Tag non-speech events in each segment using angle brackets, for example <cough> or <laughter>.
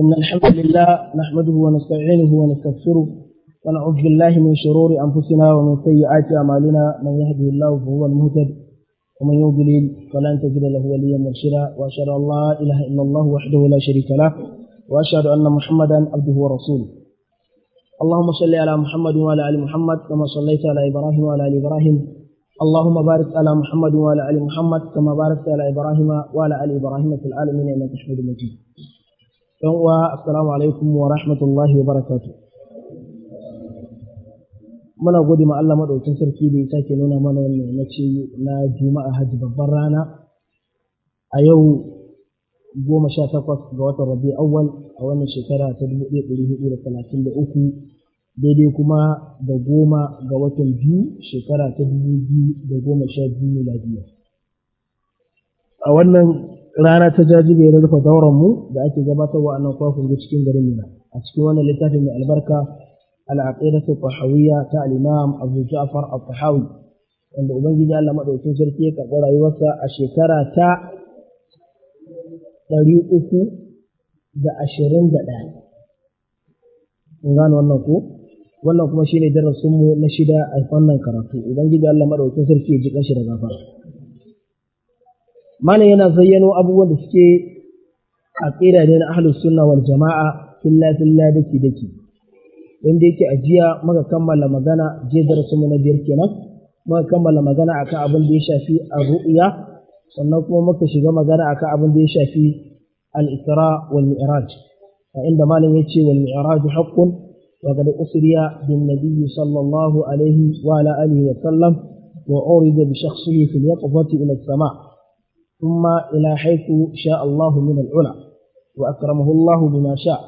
إن الحمد لله نحمده ونستعينه ونستغفره ونعوذ بالله من شرور أنفسنا ومن سيئات أعمالنا من يهده الله فهو المهتد ومن يضلل فلن تجد له وليا مرشدا وأشهد أن لا إله إلا الله وحده لا شريك له وأشهد أن محمدا عبده ورسوله اللهم صل على محمد وعلى آل محمد كما صليت على إبراهيم وعلى آل إبراهيم اللهم بارك على محمد وعلى آل محمد كما باركت على إبراهيم وعلى آل إبراهيم في العالمين إنك حميد مجيد yan uwa assalamu alaikum wa rahmatullahi wa barakatu. muna gode ma Allah sarki da ya sake nuna mana wannan yammaci na juma'a hajji babbar rana a yau goma sha takwas ga watan rabi awwal a wannan shekara ta dubu ɗaya ɗari hudu da talatin da uku daidai kuma da goma ga watan biyu shekara ta dubu biyu da goma sha biyu miladiya a wannan rana ta jajibe na rufe dauran mu da ake gabatarwa a nan da cikin garin Mina a cikin wannan littafin mai albarka al-aqidatu tahawiyya ta al-imam Abu Ja'far al-Tahawi wanda ubangiji Allah madaukakin sarki ya karɓi rayuwarsa a shekara ta ɗari uku da ashirin da ɗaya. Kun gano wannan ko? Wannan kuma shine darasinmu na shida a wannan karatu. Ubangiji Allah madaukakin sarki ya ji ƙanshi da gafara. mana yana zayyano abubuwan da suke aqida ne na ahlus sunna wal jama'a filla filla daki daki inda yake ajiya muka kammala magana je da mu na biyar kenan muka kammala magana akan abin da ya shafi ar-ru'ya sannan kuma muka shiga magana akan abin da ya shafi al-isra wal mi'raj inda malam yace wal mi'raj haqqun وقد أسري بالنبي صلى الله عليه وعلى آله وسلم وعرض بشخصه في اليقظة إلى ثم إلى حيث شاء الله من العلا وأكرمه الله بما شاء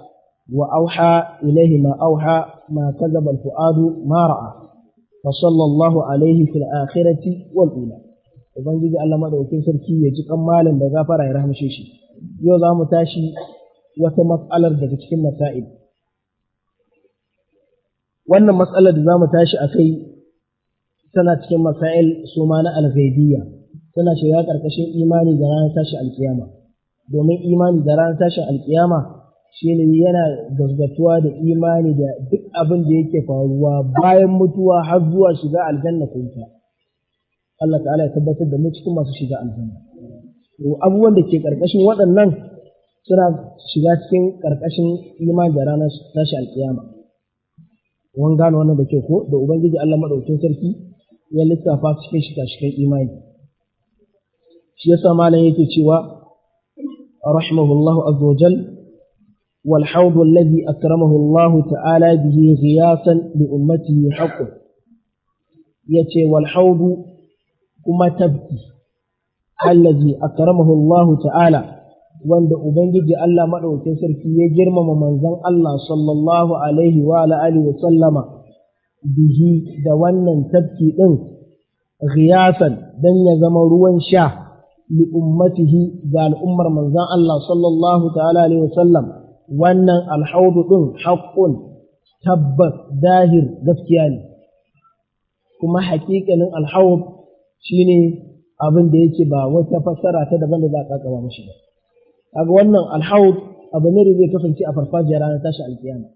وأوحى إليه ما أوحى ما كذب الفؤاد ما رأى فصلى الله عليه في الآخرة والأولى ubangiji Allah sarki ya ji kan malam da gafara ya rahmashe shi yau za mu tashi wata matsalar daga cikin masail wannan matsalar da za mu tashi a kai tana cikin masail suma na alghaibiyya suna shiga ƙarƙashin imani da ranar tashin alkiyama domin imani da ranar tashin alkiyama ne yana gazgatuwa da imani da duk abin da yake faruwa bayan mutuwa har zuwa shiga aljanna kunta Allah ta'ala ya tabbatar da mu cikin masu shiga aljanna to abubuwan da ke ƙarƙashin waɗannan suna shiga cikin ƙarƙashin imani da ranar tashin alkiyama wan gano wannan da kyau ko da ubangiji Allah madaukakin sarki ya lissafa cikin shiga cikin imani shi yasa malam yake cewa rahimahullahu azza wajal wal hawd alladhi akramahu Allah ta'ala bihi ghiyasan li ummatihi haqqun yace wal hawd kuma tabki alladhi akramahu Allah ta'ala wanda ubangiji Allah madaukakin sarki ya girmama manzon Allah sallallahu alaihi wa alihi wa sallama bihi da wannan tabki din ghiyasan dan ya zama ruwan sha لأمته قال أمر من ذا الله صلى الله تعالى عليه وسلم وأن الحوض حق تبت ظاهر gaskiya kuma hakikanin alhawab shine abin da yake ba wata fassara ta daban da za a kakaba ba kaga wannan alhawab abu ne da zai kasance a farfajiyar ranar tashi alkiyama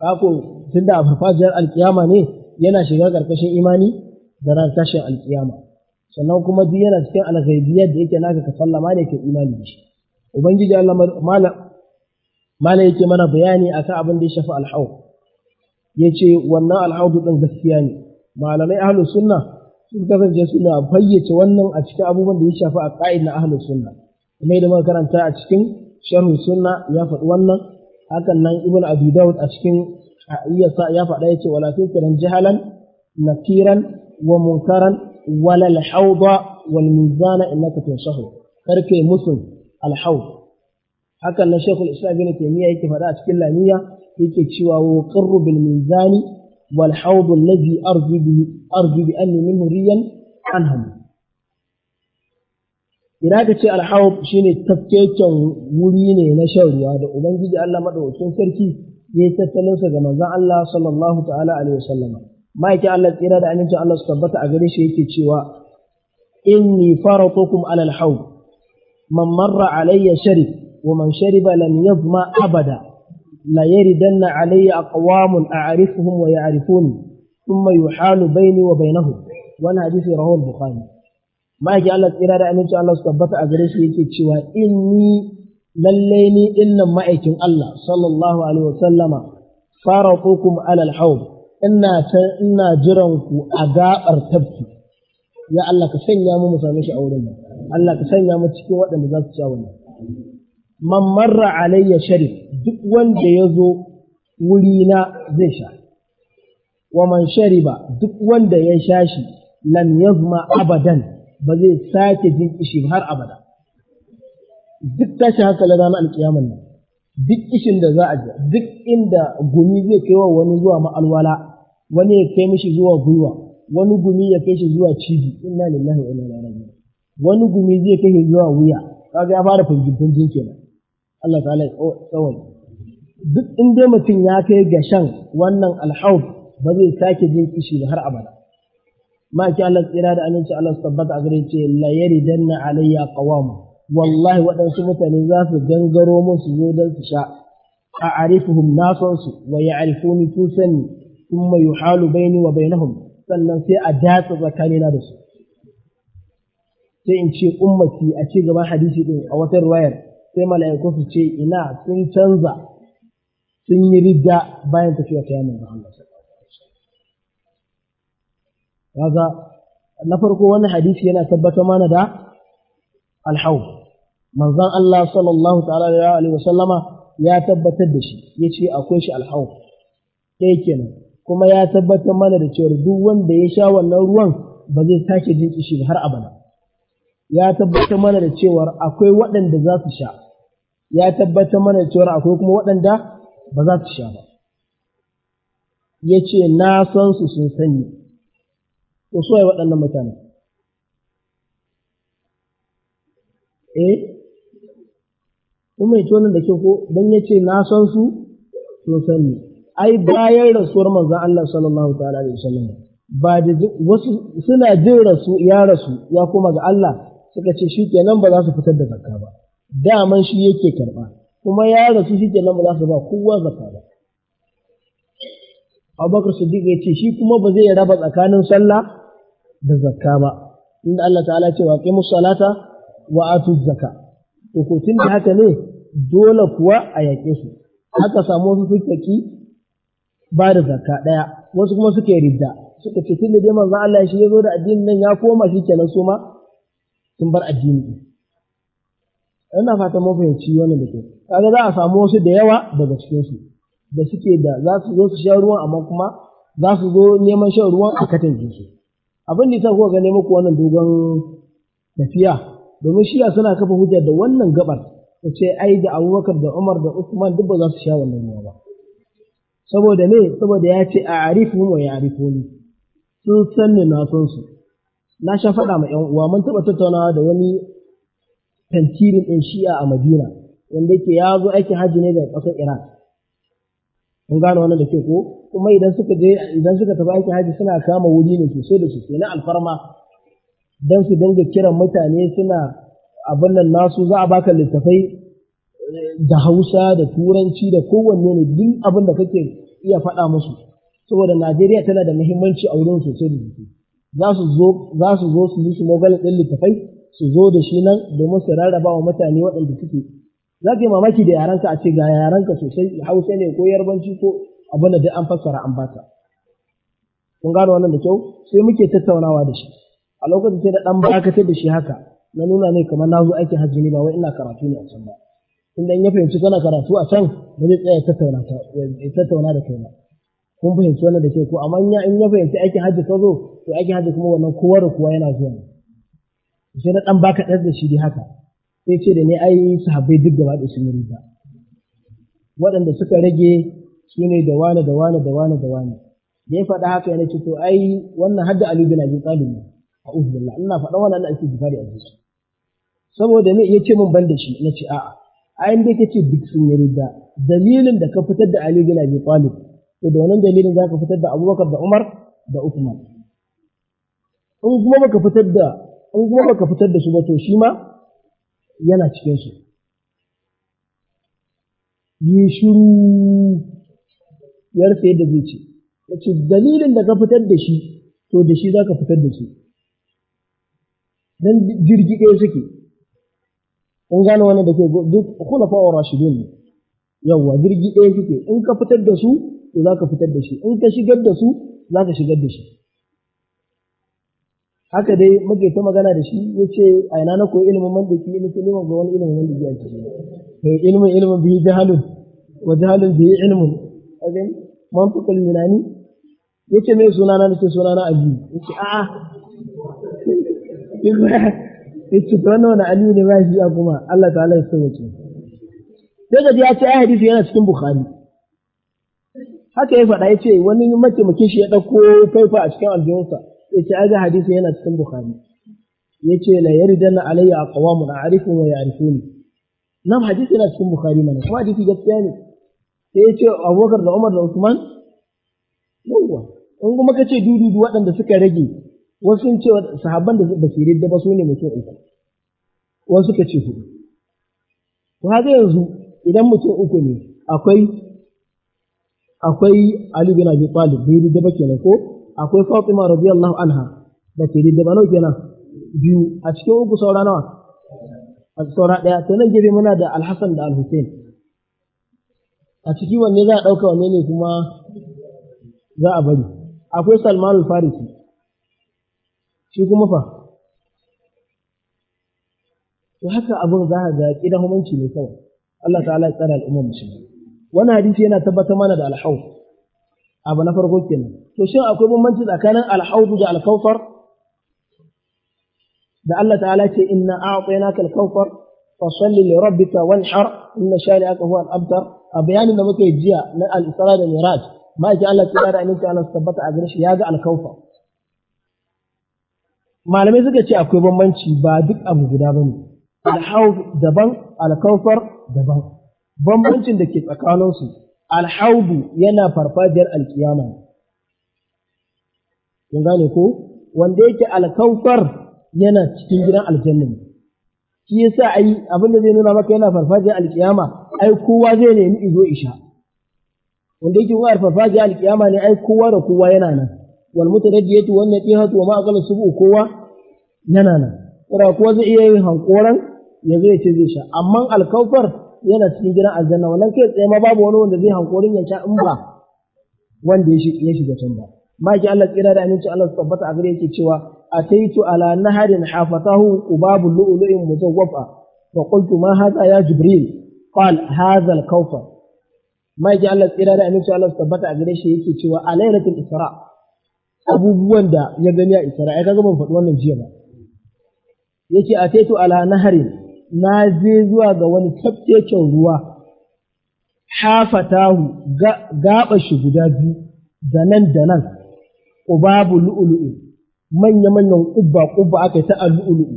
kako tunda a farfajiyar alkiyama ne yana shiga ƙarƙashin imani da ranar tashi alkiyama sannan kuma duk yana cikin alghaibiyar da yake naka ka sallama ne ka imani da shi ubangiji Allah mala yake mana bayani akan abin da ya shafi alhaud yace wannan alhaud din gaskiya ne malamai ahlus sunna sun kasance suna fayyace wannan a cikin abubuwan da ya shafi a ka'id na ahlus sunna kuma da muka karanta a cikin sharhu sunna ya faɗi wannan hakan nan ibn abi daud a cikin ya faɗa yace wala tunkiran jahalan nakiran wa munkaran wala al-hawda wal mizana innaka tunsahu karke musun al-hawd hakan na shekul islam ibn taymiya yake faɗa a cikin lamiya yake cewa wa qirru bil mizani wal hawd alladhi arju bi arju bi anni minhu ka ce al-hawd shine tafkeken wuri ne na shan ruwa da ubangiji Allah madaukakin sarki yayi tattalinsa ga manzon Allah sallallahu ma'aikin Allah tsira da amincin Allah su tabbata a gare shi yake cewa inni faratukum alal hawl man marra alayya sharib wa man shariba lam yazma abada la yaridanna alayya aqwamun a'rifuhum wa ya'rifuni thumma yuhalu baini wa bainahum wannan hadisi rawahu al-bukhari ma'aikin Allah tsira da amincin Allah su tabbata a gare shi yake cewa inni lalle ni dinnan ma'aikin Allah sallallahu alaihi wa sallama faratukum alal hawl ina ta ina jiran ku a gabar tafki ya Allah ka sanya mu mu same shi a wurin nan Allah ka sanya mu cikin waɗanda za su ci wannan man marra alayya sharif duk wanda ya zo wurina zai sha wa man shariba duk wanda ya sha shi lam yazma abadan ba zai sake jin kishi har abada duk tashi haka la ranar alkiyaman nan duk kishin da za a ji duk inda gumi zai kai wa wani zuwa ma'alwala wani ya kai mishi zuwa gwiwa wani gumi ya kai shi zuwa cibi inna lillahi wa inna ilaihi raji'un wani gumi zai kai shi zuwa wuya kaga ya fara fangin fangin kenan Allah ta'ala ya tsawon duk inda mutum ya kai ga shan wannan alhaud ba zai sake jin kishi da har abada ma ki Allah tsira da aminci Allah su tabbata a gare ce la yaridanna alayya kawamu. wallahi waɗansu mutane za su gangaro mun su zo don su sha a arifuhum na san su wa ya arifuni tun sani thumma yuhalu baini wa bainahum sannan sai a datsa tsakanina da su sai in ce ummati a ci gaban hadisi din a wata wayar sai mala'iku su ce ina sun canza sun yi ridda bayan tafiya ta yamin da kaga na farko wannan hadisi yana tabbatar mana da alhaw manzon Allah sallallahu ta'ala alaihi wasallama ya tabbatar da shi yace akwai shi alhaw kenan kuma ya tabbatar mana da cewa duk wanda ya sha wannan ruwan ba zai sake jin kishi har abada ya tabbatar mana da cewa akwai waɗanda za su sha ya tabbatar mana da cewa akwai kuma waɗanda ba za su sha ba ya ce na san su sun sani ko so ya waɗannan mutanen eh kuma ya ce wannan da ke ko don ya ce na san su sun sani ai bayan rasuwar manzon Allah sallallahu ta'ala alaihi wasallam ba da wasu suna jin rasu ya rasu ya kuma ga Allah suka ce shi kenan ba za su fitar da zakka ba daman shi yake karba kuma ya rasu shi kenan ba za su ba kowa zakka ba Abubakar Siddiq ya ce shi kuma ba zai raba tsakanin sallah da zakka ba inda Allah ta'ala ce wa qimus salata wa atuz zakka to ko tun da haka ne dole kuwa a yaƙe su aka samu wasu sukkaki ba da zakka ɗaya wasu kuma suke yi ridda suka ce tun da dai Allah shi ya zo da addinin nan ya koma shi kenan su ma sun bar addini ina fata mun fahimci wannan da ke kaga za a samu wasu da yawa daga cikin su da suke da za su zo su sha ruwan amma kuma za su zo neman shan ruwan a katin su abin da sa kuka ga muku wannan dogon tafiya domin shiya suna kafa hujjar da wannan gabar ta ce ai da Abubakar da Umar da Usman duk ba za su sha wannan ruwa ba saboda ne saboda ya ce a arifu mai ya ne sun sanni na son su na sha faɗa ma ƴan uwa mun taɓa tattaunawa da wani tantirin ɗin shi'a a madina wanda yake ya zo aikin hajji ne daga ƙasar Iran? kun gane wannan da ke ko kuma idan suka je idan suka tafi aikin haji suna kama wuri ne sosai da sosai na alfarma dan su dinga kiran mutane suna abin nan nasu za a baka littafai da Hausa da Turanci da kowanne ne duk abin da kake iya faɗa musu saboda Najeriya tana da muhimmanci a wurin sosai da jiki za su zo za su zo su yi su mogalin ɗin littafai su zo da shi nan domin su rarraba wa mutane waɗanda suke za ka yi mamaki da yarenka a ce ga yarenka sosai Hausa ne ko Yarbanci ko abin da duk an fassara an baka kun gano wannan da kyau sai muke tattaunawa da shi a lokacin sai da ɗan ba da shi haka na nuna ne kamar na zo aikin hajji ne ba wai ina karatu ne a can ba In in ya fahimci kana karatu a can ba zai tsaya tattauna ya tattauna da kai ba kun fahimci wannan da ke ko amma in ya fahimci aikin hajji ta zo to aikin hajji kuma wannan kowa da kowa yana zuwa sai na dan baka ɗan da shi dai haka sai ce da ni ai sahabbai duk gaba da sun riga waɗanda suka rage su ne da wane da wane da wane da wane da ya faɗa haka yana ce to ai wannan hadda Ali bin Abi Talib ne a'udhu billah ina faɗa wannan ina ake jifari a zuciya saboda ne ya ce min ban da shi na ce a'a ayin da ce duk sun yi ridda dalilin da ka fitar da Ali bin Abi Talib to da wannan dalilin zaka fitar da Abubakar da Umar da Uthman in kuma baka fitar da in kuma baka fitar da su ba to shi ma yana cikin su yi shiru yarsa da zai ce yace dalilin da ka fitar da shi to da shi zaka fitar da shi dan jirgi ɗaya suke In gane wannan da ke duk khulafa wa rashidun ne yawwa jirgi ɗaya suke in ka fitar da su to za ka fitar da shi in ka shigar da su za ka shigar da shi haka dai muke ta magana da shi ya ce a ina na koyi ilimin man da ke ilimin ilimin ga wani ilimin man da mandaki a ciki ilimin ilimin biyu jahalun wa jahalun biyu ilimin azin mantukul yunani ya ce mai sunana na ce sunana abu ya ce a'a <laughs> yace to wannan wani aliyu ne ba shi a kuma Allah ta'ala ya sauke sai gaji ya ce ai hadisi yana cikin bukhari haka ya faɗa yace wani mataimakin shi ya ɗauko faifa a cikin aljihunsa yace ai ga hadisi yana cikin bukhari yace la yaridanna alayya aqwamun a'rifu wa ya'rifuni nan hadisi yana cikin bukhari mana kuma hadisi gaskiya ne sai yace Abubakar da Umar da Usman yawwa in kuma kace dudu waɗanda suka rage wasu sun ce sahabban da ba su yarda ba su ne mutum uku wasu ka ce hudu to haka yanzu idan mutum uku ne akwai akwai Ali bin Abi Talib bai yarda ba kenan ko akwai Fatima radiyallahu anha ba ta yarda ba nawa kenan biyu a cikin uku saura nawa a saura daya to nan gefe muna da Al-Hasan da Al-Hussein a ciki wanne za a dauka wanne ne kuma za a bari akwai Salman Al-Farisi shi kuma fa to haka abin za ka ga kidan hukunci ne kawai Allah ta'ala ya tsara al'ummar musulmi wannan hadisi yana tabbatar mana da alhaud abu na farko kenan to shin akwai bambanci tsakanin alhaud da alkawfar da Allah ta'ala ce inna a'tainaka alkawfar fasalli li rabbika wanhar inna shari'aka huwa al-abtar a bayanin da muka yi jiya na al-isra da miraj ma ji Allah ta'ala da Aminta annabi ta'ala tabbata a gare shi ya ga alkawfar malamai suka ce akwai bambanci ba duk abu guda ba ne alhau daban alkaufar daban bambancin da ke tsakaninsu alhaudu yana farfajiyar alkiyama kun gane ko wanda yake alkaufar yana cikin gidan aljanna ne shi yasa ai abin da zai nuna maka yana farfajiyar alkiyama ai kowa zai nemi izo isha wanda yake kuma farfajiyar alkiyama ne ai kowa da kowa yana nan wal mutaraddiyatu wan natihatu wa ma aqala subu kowa yana nan kura kowa zai iya yin hankoran ya zai ce zai sha amma alkaufar yana cikin gidan aljanna wannan kai tsaye ma babu wani wanda zai hankorin ya sha in ba wanda ya shiga can ba maki Allah tsira da aminci Allah su tabbata a gare yake cewa ataitu ala naharin hafatahu ubabu lu'lu'in mutawwafa fa qultu ma hadha ya jibril qal hadha alkaufar Ma maki Allah tsira da aminci Allah su tabbata a gare shi yake cewa a isra' abubuwan da ya gani a Isra'ila ai kaga ban faɗi wannan jiya ba a ataitu ala naharin na je zuwa ga wani tafkeken ruwa hafatahu gaɓa shi guda biyu da nan da nan ƙubabu lu'ulu'u manya-manyan ƙubba ƙubba aka yi ta lu'ulu'u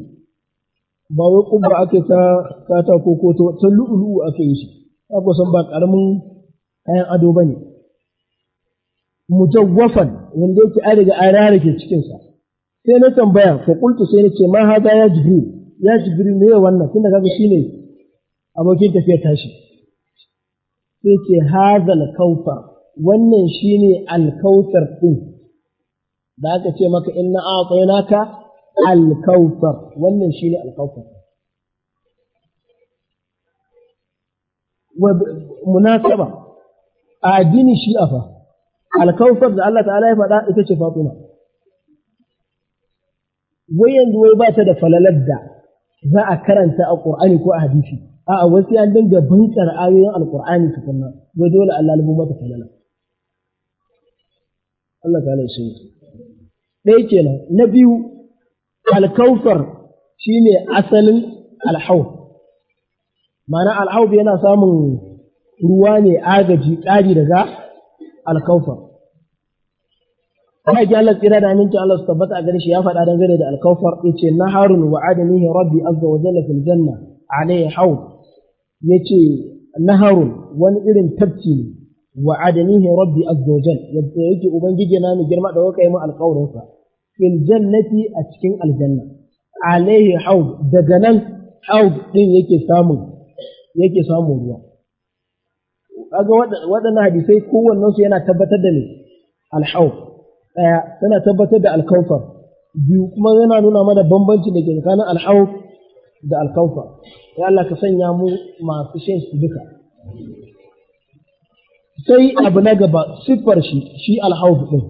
ba wai ƙubba aka yi ta katako ko ta lu'ulu'u aka yi shi ba san ba ƙaramin kayan ado ba ne mujawwafan wanda yake an riga an rarrake cikin sa sai na tambaya fa qultu sai nace ma hada ya jibril ya jibril ne wannan tunda kaga shine abokin tafiya tashi sai ce hada al wannan shine alkautar din da aka ce maka inna a'tainaka al-kautsar wannan shine al wa munasaba a addinin shi'a fa alkawfar da Allah ta'ala ya faɗa ita ce Fatima wai yanzu wai ba ta da falalar da za a karanta a Qur'ani ko a hadisi a'a wasu ya dinga bankar ayoyin alqur'ani kuma wai dole Allah lubu mata falala Allah ta'ala ya shi ɗaya kenan na biyu alkawfar shine asalin alhau, ma'ana alhau yana samun ruwa ne agaji ƙari daga alkawfar Amma ji Allah tsira da aminci Allah su tabbata a gare shi ya faɗa dangane da alkawfar yace naharun wa adanihi rabbi azza wa jalla fil janna alayhi haud yace naharun wani irin tafki ne wa adanihi rabbi azza wa jalla yadda yake ubangiji na mu girma da waka yi mu alƙawarin sa fil jannati a cikin aljanna alayhi haud daga nan haud din yake samun yake samun ruwa kaga waɗannan hadisai kowannensu yana tabbatar da ne alhaud ɗaya tana tabbatar da alkaufa biyu kuma yana nuna mana bambanci da ke tsakanin alhau da alkaufa ya Allah ka sanya mu masu shan su duka sai abu na gaba siffar shi shi alhauf ɗin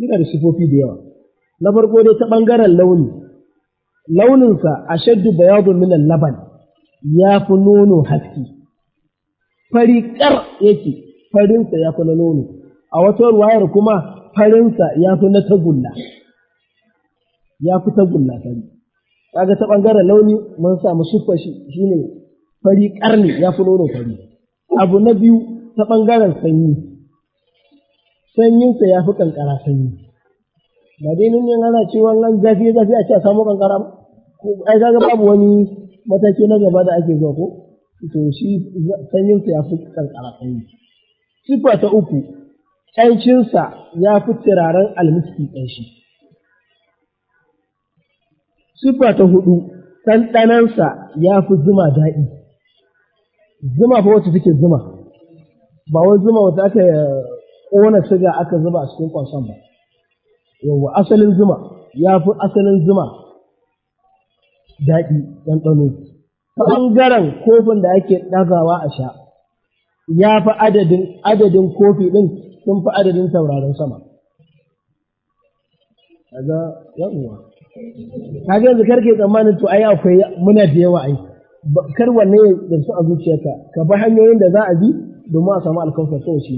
yana da sifofi da yawa na farko dai ta ɓangaren launi launinsa a shaddu bayadun minan laban ya fi nono haske fari ƙar yake farinsa ya fi na nono a wata ruwayar kuma farinsa ya fi na tagulla ya fi tagulla fari kaga ta bangaren launi mun samu shifa shi ne fari karni ya fi nono fari abu na biyu ta bangaren sanyi sanyinsa ya fi kankara sanyi ba dai nun yin ana cewa nan zafi zafi a ce a samu kankara ko ai kaga babu wani mataki na gaba da ake zuwa ko to shi sanyinsa ya fi kankara sanyi sifa ta uku ƙanshinsa ya fi turaren almiski ƙanshi. Siffa ta hudu, ɗanɗanansa ya fi zuma daɗi. Zuma fa wacce take zuma, ba wai zuma wata aka eh, ƙona siga aka zuba a cikin ƙwansan ba. Yawwa asalin zuma ya fi asalin zuma daɗi ɗanɗano. Ta ɓangaren kofin da ake ɗagawa a sha, ya fi adadin kofi ɗin sun fi adadin sauraron sama kaga yawwa kaga yanzu karke tsammanin to ai akwai muna da yawa ai kar wanne da su a zuciyarka ka bi hanyoyin da za a bi domin a samu alkawfar so shi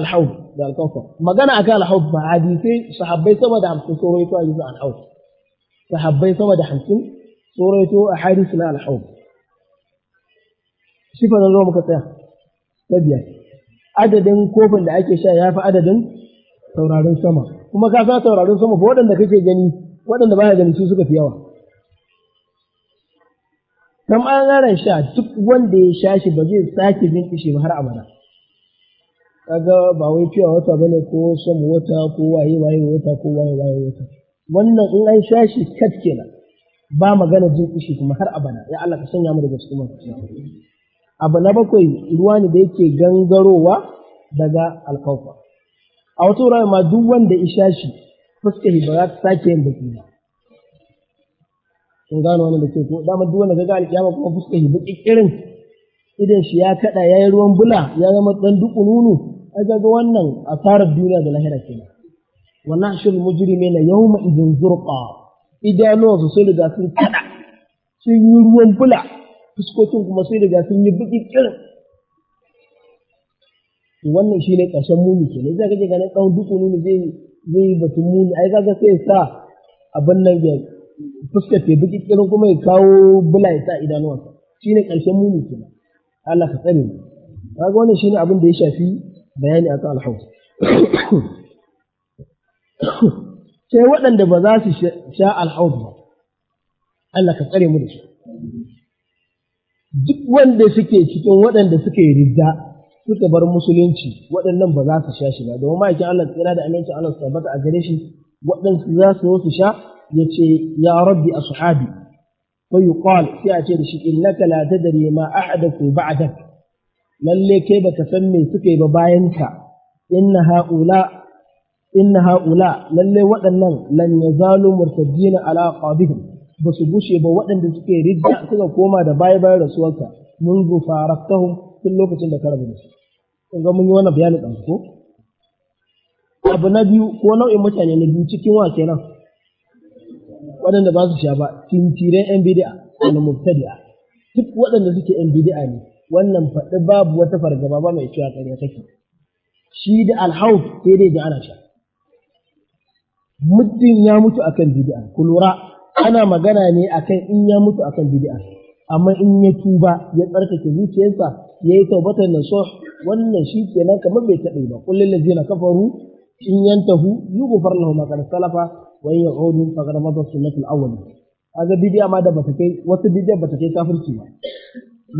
alhaub da alkawfar magana kan alhaub ba hadisai sahabbai sama da hamsin sun rawaito hadisi alhaub sahabbai sama da hamsin sun a hadisi na alhaub sifa na zo muka tsaya ta biyar adadin kofin da ake sha ya fi adadin taurarin sama kuma ka sa taurarin sama ba waɗanda kake gani waɗanda ba gani su suka fi yawa ta ɓangaren sha duk wanda ya sha shi ba zai sake jin kishi ba har abada kaga ba wai fiya wata bane ko son wata ko waye waye wata ko waye waye wata wannan in an sha shi kat kenan ba magana jin kishi kuma har abada ya Allah ka sanya mu daga cikin masu abu na bakwai ruwa ne da yake gangarowa daga alfafa. a wata wurare ma duk wanda isha shi fuska ba za ta sake yin baki ba kun gano wannan da ke ko dama duk wanda ga alƙiyama kuma fuska shi baki irin idan shi ya kada yi ruwan bula ya zama dan nunu a ga wannan asarar duniya da lahira kenan wannan shul na yawma idzin zurqa idanuwa su sun riga sun kada sun yi ruwan bula fuskokin kuma sai da sun yi biki kirin wannan shi ne ƙarshen muni ke ne zai gaje ganin tsawon duk nuni zai zai batu muni ai ka sai sa abin nan ya fuskar ke biki kirin kuma ya kawo bula ya sa idanuwansa shi ne ƙarshen muni ke Allah ka tsare mu kaga wannan shi ne abin da ya shafi bayani akan alhaus sai waɗanda ba za su sha alhaus ba Allah ka tsare mu da shi duk wanda suke cikin waɗanda suka yi rida suka bar musulunci waɗannan ba za su sha shi ba domin ma'aikin Allah tsira da amincin Allah su tabbata a gare shi waɗansu za su zo su sha ya ce ya rabbi ashabi fa yuqal sai a ce da shi innaka la tadri ma ahdathu ba'dak lalle kai baka san me suka yi ba bayan ka inna haula inna haula lalle waɗannan lan yazalu murtadina ala qadihim ba su gushe ba waɗanda suke rijiya suka koma da baya bayan rasuwarka mun zu faraktahum tun lokacin da ka da su kun ga mun yi wani bayani ɗan ko abu na biyu ko nau'in mutane na biyu cikin wa kenan waɗanda ba su sha ba tintiren yan bidia da mubtadi'a duk waɗanda suke yan ne wannan faɗi babu wata fargaba ba mai cewa ƙarya take shi da alhauf sai dai da ana sha muddin ya mutu akan bid'a ku lura ana magana ne akan in ya mutu akan bid'a amma in ya tuba ya tsarkake zuciyarsa ya yi taubatar nasuh wannan shi ke nan kamar bai taɓa ba kullum lazina kafaru in yantahu yughfar lahum ma qad salafa wa in ya'udu faqad madha sunnatul awwal kaga bid'a ma da bata kai wata bid'a bata kai kafirci ba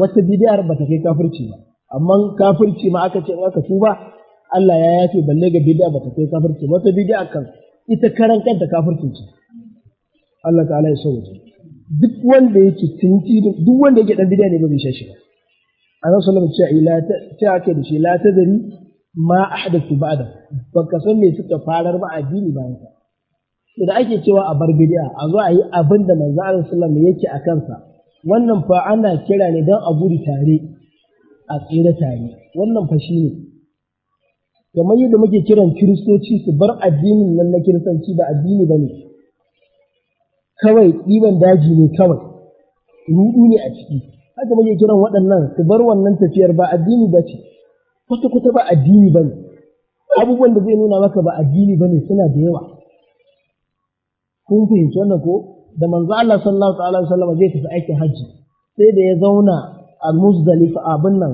wata bid'ar bata kai kafirci ba amma kafirci ma aka ce in aka tuba Allah ya yafe balle ga bid'a bata kai kafirci wata bid'a kan ita karan kanta kafirci ce Allah ta'ala ya sauke duk wanda yake tintirin duk wanda yake dan bid'a ne ba zai sha shi ba annabi sallallahu alaihi wasallam ce ta ake da shi la tadri ma ahdathu ba'da ka san me suka farar ba addini bayan ka da ake cewa a bar bid'a a zo a yi abin da manzo Allah sallallahu alaihi yake a kansa wannan fa ana kira ne dan a gudu tare a tsira tare wannan fa shine kamar yadda muke kiran kiristoci su bar addinin nan na kiristanci ba addini bane kawai ɗiban daji ne kawai ruɗu ne a ciki haka muke kiran waɗannan su bar wannan tafiyar ba addini ba ce kwata kwata ba addini ba ne abubuwan da zai nuna maka ba addini ba ne suna da yawa kun fahimci wannan ko da manzo Allah sallallahu alaihi wasallam zai tafi aikin hajji sai da ya zauna a Muzdalifa abin nan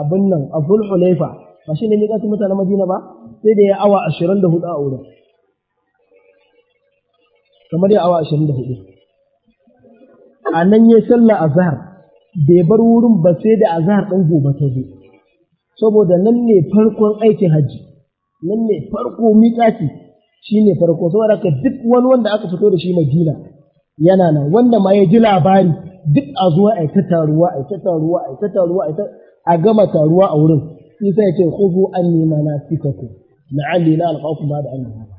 abin nan a Zulhulaifa ba shi ne ne kasu mutanen Madina ba sai da ya awa 24 a wurin kamar ya awa ashirin da hudu a nan ya sallah zahar bai bar wurin ba sai da azhar ɗan gobe ta zo saboda nan ne farkon aikin hajji nan ne farko miƙaci shi ne farko saboda ka duk wani wanda aka fito da shi madina yana nan wanda ma ya ji labari duk a zuwa a ta taruwa a ta taruwa a ta taruwa a gama taruwa a wurin isa ya ce khudhu anni manasikakum la'alli la alqakum da anni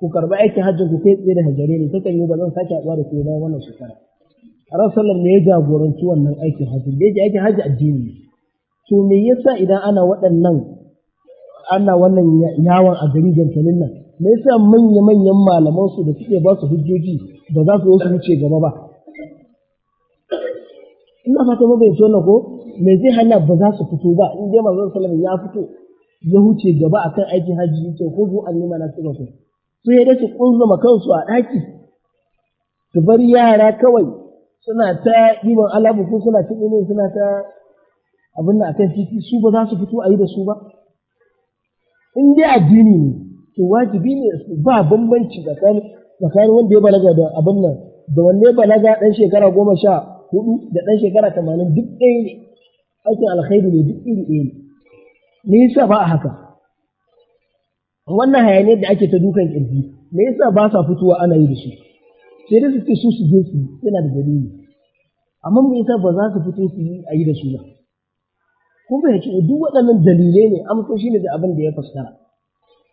ku karba aikin hajjin ku kai tsaye daga gare ni takan yi ba zan sake haɗuwa da ku bayan wannan shekara Arab sallam ne ya jagoranci wannan aikin hajji da yake aikin hajji addini to me yasa idan ana waɗannan ana wannan yawon a gari jantalin nan me yasa manya manyan malaman su da suke ba su hujjoji ba za su yi su wuce gaba ba ina fata ba bai tona ko me zai hana ba za su fito ba in dai manzon sallallahu ya fito ya huce gaba akan aikin hajji yake ko zu annima na tsira ko su ya dace kunzuma kansu a ɗaki su bar yara kawai suna ta ɗiban ko suna cin ne suna ta abin da akan titi su ba za su fito a yi da su ba in dai addini ne to wajibi ne su ba bambanci tsakanin wanda ya balaga da abin nan da wanda ya balaga ɗan shekara goma sha hudu da ɗan shekara tamanin duk ɗaya ne aikin alkhairi ne duk iri ɗaya ne me sa ba a haka wannan hayaniyar da ake ta dukan kirji me yasa ba sa fitowa ana yi da su sai dai su ce su su je su yana da dalili amma me yasa ba za su fito su yi a yi da su ba kun fahimci eh, duk waɗannan dalilai ne amsa shi ne da abin da ya fassara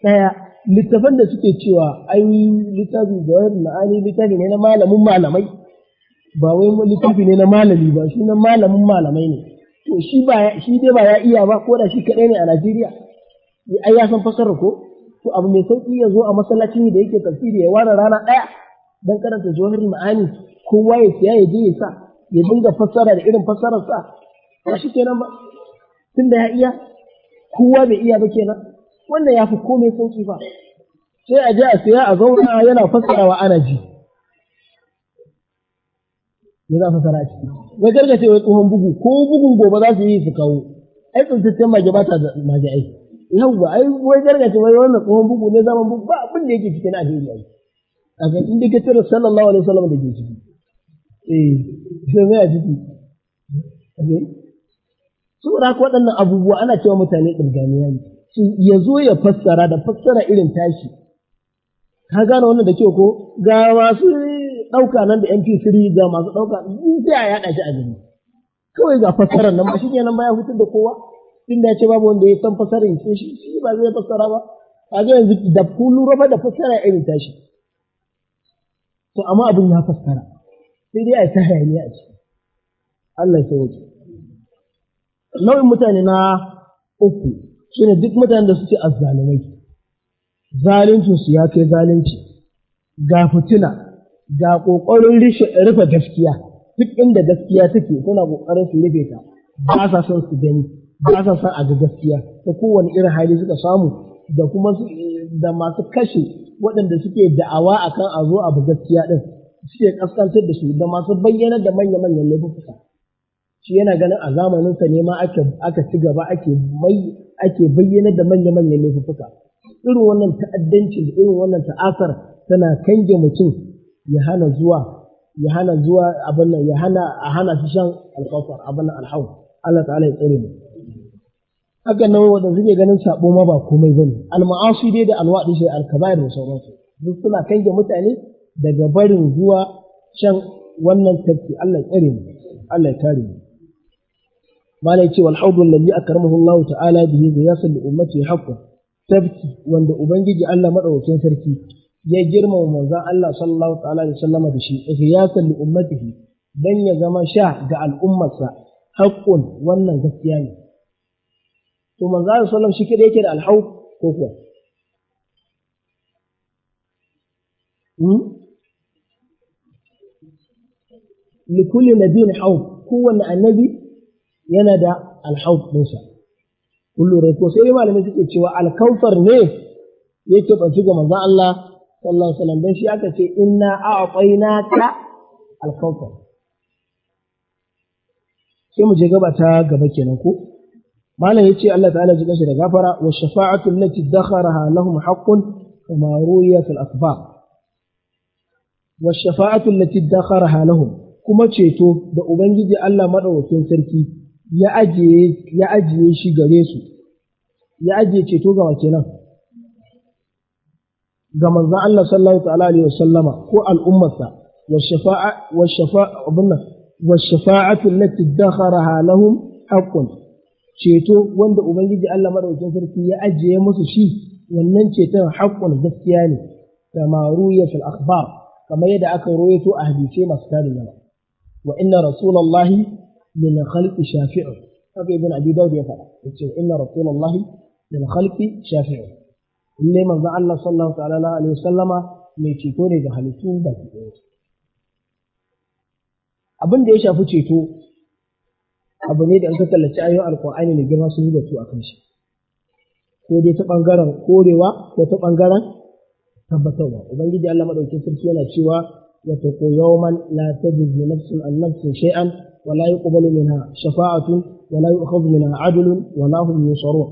ɗaya littafan da suke cewa an yi littafi da wayar ma'ani littafi ne na malamin malamai ba wai littafi ne na malami ba shi na malamin malamai ne to shi dai ba ya iya ba ko da shi kaɗai ne a Najeriya ai ya san fassarar ko to abu mai sauki ya zo a masallacin da yake tafsiri ya ware rana ɗaya don karanta jawahirul ma'ani kowa ya siya ya je ya sa ya dinga fassara da irin fassarar sa ba shi kenan ba tun da ya iya kowa bai iya ba kenan wannan ya fi komai sauki ba sai a je a siya a zauna yana wa ana ji me za a fassara a ciki wai gargace wai tsohon bugu ko bugun gobe za su yi su kawo ai tsintaccen mage ba ta mage ai yawwa ai wai gargace wai wannan tsohon bugu ne zaman bugu ba abin da yake cikin alheri ai akan inda ka tare sallallahu alaihi wasallam da ke ciki eh sai mai a ciki ra haka waɗannan abubuwa ana cewa mutane ɗirganiya ne ya zo ya fassara da fassara irin tashi ka gane wannan da kyau ko ga masu ɗauka nan da mp3 ga masu ɗauka duk sai a da shi a gani kawai ga fassarar nan ba shi kenan ba ya fitar da kowa inda ya ce babu wanda ya san fasarin sai shi shi ba zai fasara ba a ga yanzu da kullu rafa da fasara irin tashi to amma abin ya fasara sai dai a yi ta hayaniya a ciki Allah ya sauke nau'in mutane na uku shine duk mutane da suke azzalumai zalunci su ya kai zalunci ga fitina ga kokarin rufe gaskiya duk inda gaskiya take suna kokarin su rufe ta ba sa son su gani ba sa san a ga gaskiya ta kowane irin hali suka samu da kuma da masu kashe waɗanda suke da'awa akan a zo a bi gaskiya din suke kaskantar da su da masu bayyana da manya manyan laifuka shi yana ganin a zamanin sa ne ma aka ci gaba ake ake bayyana da manya manyan laifuka irin wannan ta'addanci da irin wannan ta'asar tana kange mutum ya hana zuwa ya hana zuwa abin nan ya hana a hana shi shan alkafar abin nan alhau Allah ta'ala ya tsare mu haka nan wanda suke ganin sabo ma ba komai bane al-ma'asi dai da alwadi shi al-kaba'ir da sauransu duk suna ga mutane daga barin zuwa can wannan tafki Allah ya tsare mu Allah ya kare mu mala wal hawdu alladhi akramahu Allah ta'ala bihi bi yasal li ummati haqqan tafki wanda ubangiji Allah madaukakin sarki ya girmama manzon Allah sallallahu ta'ala alaihi wasallam da shi ihyasan li ummatihi dan ya zama sha ga al'ummarsa haqqun wannan gaskiya ne to manzo Allah sallam shi kada yake da alhaw ko kuwa hmm? likulli nabiyin hauf kowanne annabi yana da alhauf ɗinsa kullu rai ko sai malamai suke cewa alkaufar ne yake bantu ga manzo Allah sallallahu alaihi wasallam dan shi aka ce inna a'tainaka alkaufar sai mu je gaba ta gaba kenan ko malam ce Allah ta'ala ji kanshi da gafara wa shafa'atu allati dakharaha lahum haqqun kama ruwiya fil akhbar wa shafa'atu allati dakharaha lahum kuma ceto da ubangiji Allah madaukakin sarki ya ajiye ya ajiye shi gare su ya ajiye ceto ga wace nan ga manzon Allah sallallahu ta'ala alaihi wasallama ko al'ummarsa wa shafa'a wa shafa'a wa shafa'atu allati dakharaha lahum haqqun ceto wanda ubangiji Allah madaukakin sarki ya ajiye musu shi wannan ceton haƙƙun gaskiya ne kama ruya fil akhbar kamar yadda aka ruwaito a hadisai masu tarin yawa wa inna rasulallah lil khalqi shafi'u haka ibn abi dawud ya faɗa yace inna rasulullahi lil khalqi shafi'u lalle manzon Allah sallallahu ta'ala alaihi sallama mai ceto ne da halittu baki ɗaya abin da ya shafi ceto abu ne da in ka kallaci ayoyin alkur'ani mai girma sun yi batu a kan shi ko dai ta bangaren korewa ko ta bangaren tabbatarwa ubangiji Allah madaukakin sarki yana cewa wa taqu yawman la tajzi nafsun an nafsin shay'an wa la yuqbalu minha shafa'atun wa la yu'khadhu minha 'adlun wa la hum yusarun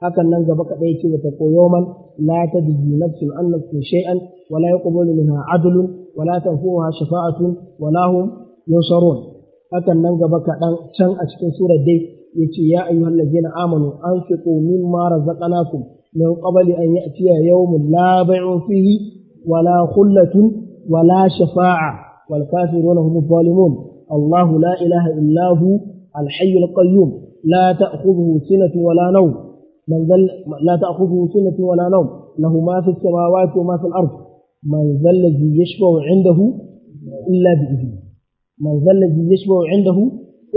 hakan nan gaba kada yake wa taqu yawman la tajzi nafsun an nafsin shay'an wa la yuqbalu minha 'adlun wa la tanfuha shafa'atun wa la hum yusarun hakan nan gaba kaɗan can a cikin surar dai ya ce ya ayyuhal ladzina amanu anfiqu mimma razaqnakum min qabli an ya'tiya yawmun la bay'un fihi wala khullatun wala shafa'a wal kafiruna hum zalimun الله لا إله إلا هو الحي القيوم لا تأخذه سنة ولا نوم من ذل لا تأخذه سنة ولا نوم له ما في السماوات وما في الأرض من ذا الذي يشفع عنده إلا بإذنه man zallazi yashba'u indahu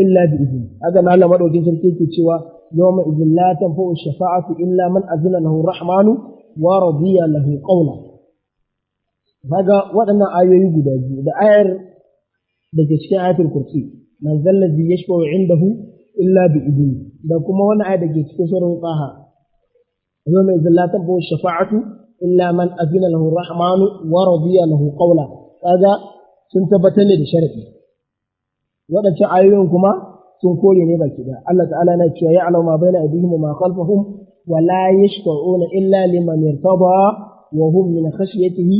illa bi idni haka na Allah madaukin sarki yake cewa yawma idin la tanfa'u shafa'atu illa man azina lahu rahmanu wa radiya lahu qawla kaga waɗannan ayoyi guda biyu da ayar da ke cikin ayatul kursi man zallazi yashba'u indahu illa bi idni da kuma wani ayar da ke cikin suratul taha yawma idin la tanfa'u shafa'atu illa man azina lahu rahmanu wa radiya lahu qawla kaga sun tabbatar ne da sharadi waɗancan ayoyin kuma sun kore ne baki ɗaya Allah ta'ala na cewa ya alama bai na abihim ma khalfahum wa la yashka'una illa liman yartaba wa hum min khashyatihi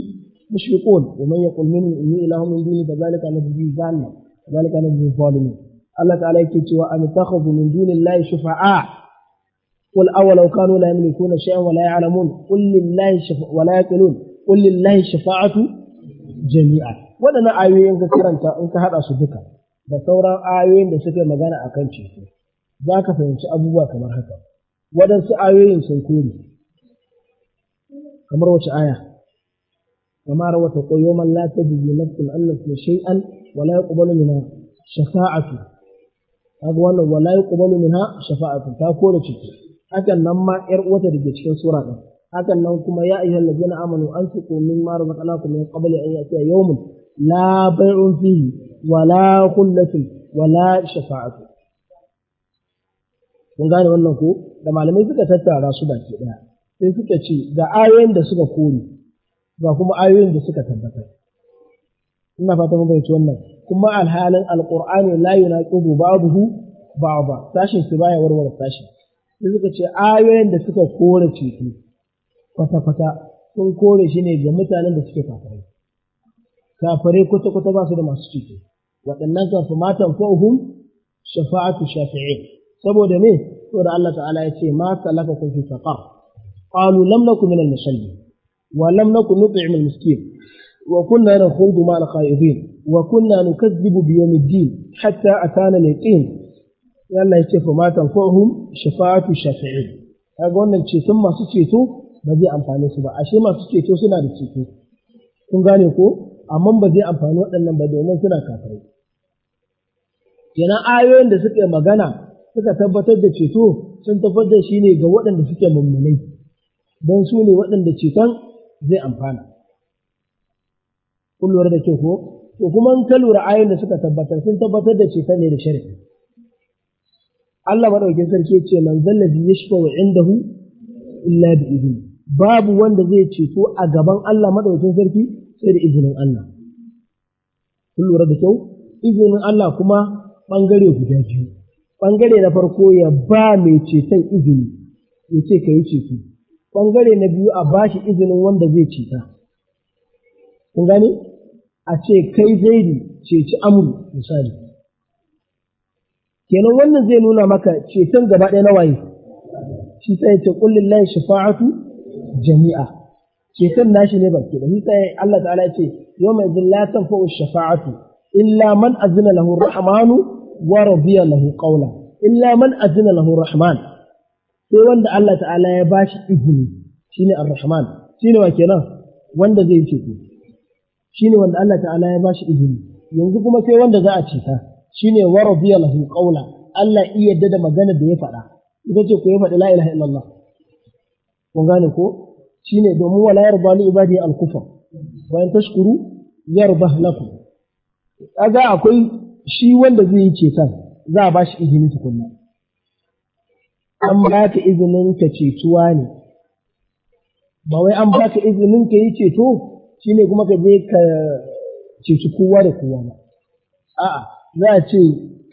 mushriqun wa man yaqul minni inni ilahun min dunihi fadhalika la bihi zanna fadhalika la bihi zalimi Allah ta'ala yake cewa am takhudhu min dunillahi shufa'a قل أولو لو كانوا لا يملكون شيئا ولا يعلمون قل لله شفاعة ولا يقولون قل لله شفاعة جميعا ولنا آيوين كثيرا انك هذا صدقا da sauran ayoyin da suka magana a kan ceto za ka fahimci abubuwa kamar haka waɗansu ayoyin sun kuri, kamar wace aya kamar wata koyoman la da yi nafsin allah ke shay'an wala ya ƙubalu mina shafa'atu haka wannan wala ya ƙubalu mina shafa'atu ta kore ciki. hakan nan ma 'yar wata da ke cikin sura ɗin hakan nan kuma ya ayyuhal ladina mara anfiqu mimma ƙabali a yi a ya'tiya yau? لا بيع فيه ولا خلة ولا شفاعة kun gane wannan ko da malamai suka tattara su baki daya sai suka ce ga ayoyin da suka kore ga kuma ayoyin da suka tabbatar ina fata mun bayyana wannan kuma alhalin alqur'ani la yunaqidu ba'dahu ba'da sashin su baya warware sashin sai suka ce ayoyin da suka kore ceto kwata-kwata sun kore shi ne ga mutanen da suke kafirai kafare kwata-kwata ba su da masu ceto waɗannan kan fa matan fa'uhum shafa'atu shafi'in saboda me da Allah ta'ala ya ce ma talaka kun fi saqar qalu lam nakum min al-musallin wa lam nakum nut'im al-miskin wa kunna nakhudu ma na khaidin wa kunna biyo bi yawmiddin hatta atana al-yaqin Allah ya ce fa matan fa'uhum shafa'atu shafi'in kaga wannan ceton masu ceto ba zai amfane su ba ashe masu ceto suna da ceto kun gane ko amma ba zai amfani waɗannan ba domin suna kafirai kenan ayoyin da suka yi magana suka tabbatar da ceto sun tabbatar da shi ne ga waɗanda suke mummunai don su ne waɗanda ceton zai amfana kun lura da kyau ko to kuma in ka lura ayoyin da suka tabbatar sun tabbatar da ceton ne da shari'a Allah Maɗaukin sarki ce man zallazi yashfa wa indahu illa bi izini." babu wanda zai ceto a gaban Allah Maɗaukin sarki sai da izinin Allah kun lura da kyau izinin Allah kuma ɓangare guda biyu ɓangare na farko ya ba mai ceton izini ya ce ka yi ceto ɓangare na biyu a ba shi izinin wanda zai ceta kun gane a ce kai zaidi ceci amur misali kenan wannan zai nuna maka ceton gaba ɗaya na waye shi sai ya ce kullin shafa'atu jami'a ceton nashi ne baki da hisa Allah ta'ala ya ce yawma idin la tanfa'u shafa'atu illa man azina lahu rahmanu wa radiya lahu qawla illa man azina lahu rahman sai wanda Allah ta'ala ya bashi izini shine ar-rahman shine wa kenan wanda zai ce ceto shine wanda Allah ta'ala ya bashi izini yanzu kuma sai wanda za a ceta shine wa radiya lahu qawla Allah iya yadda da magana da ya faɗa ita ce ku ya faɗi la ilaha illallah kun gane ko shine domin wala yarda li ibadi al kufa wa in tashkuru yarda lakum aga akwai shi wanda zai yi ceton za a bashi izini tukunna an baka izinin ka cetuwa ne ba wai an baka izinin ka yi ceto shine kuma ka je ka ceci kowa da kowa ba a'a za a ce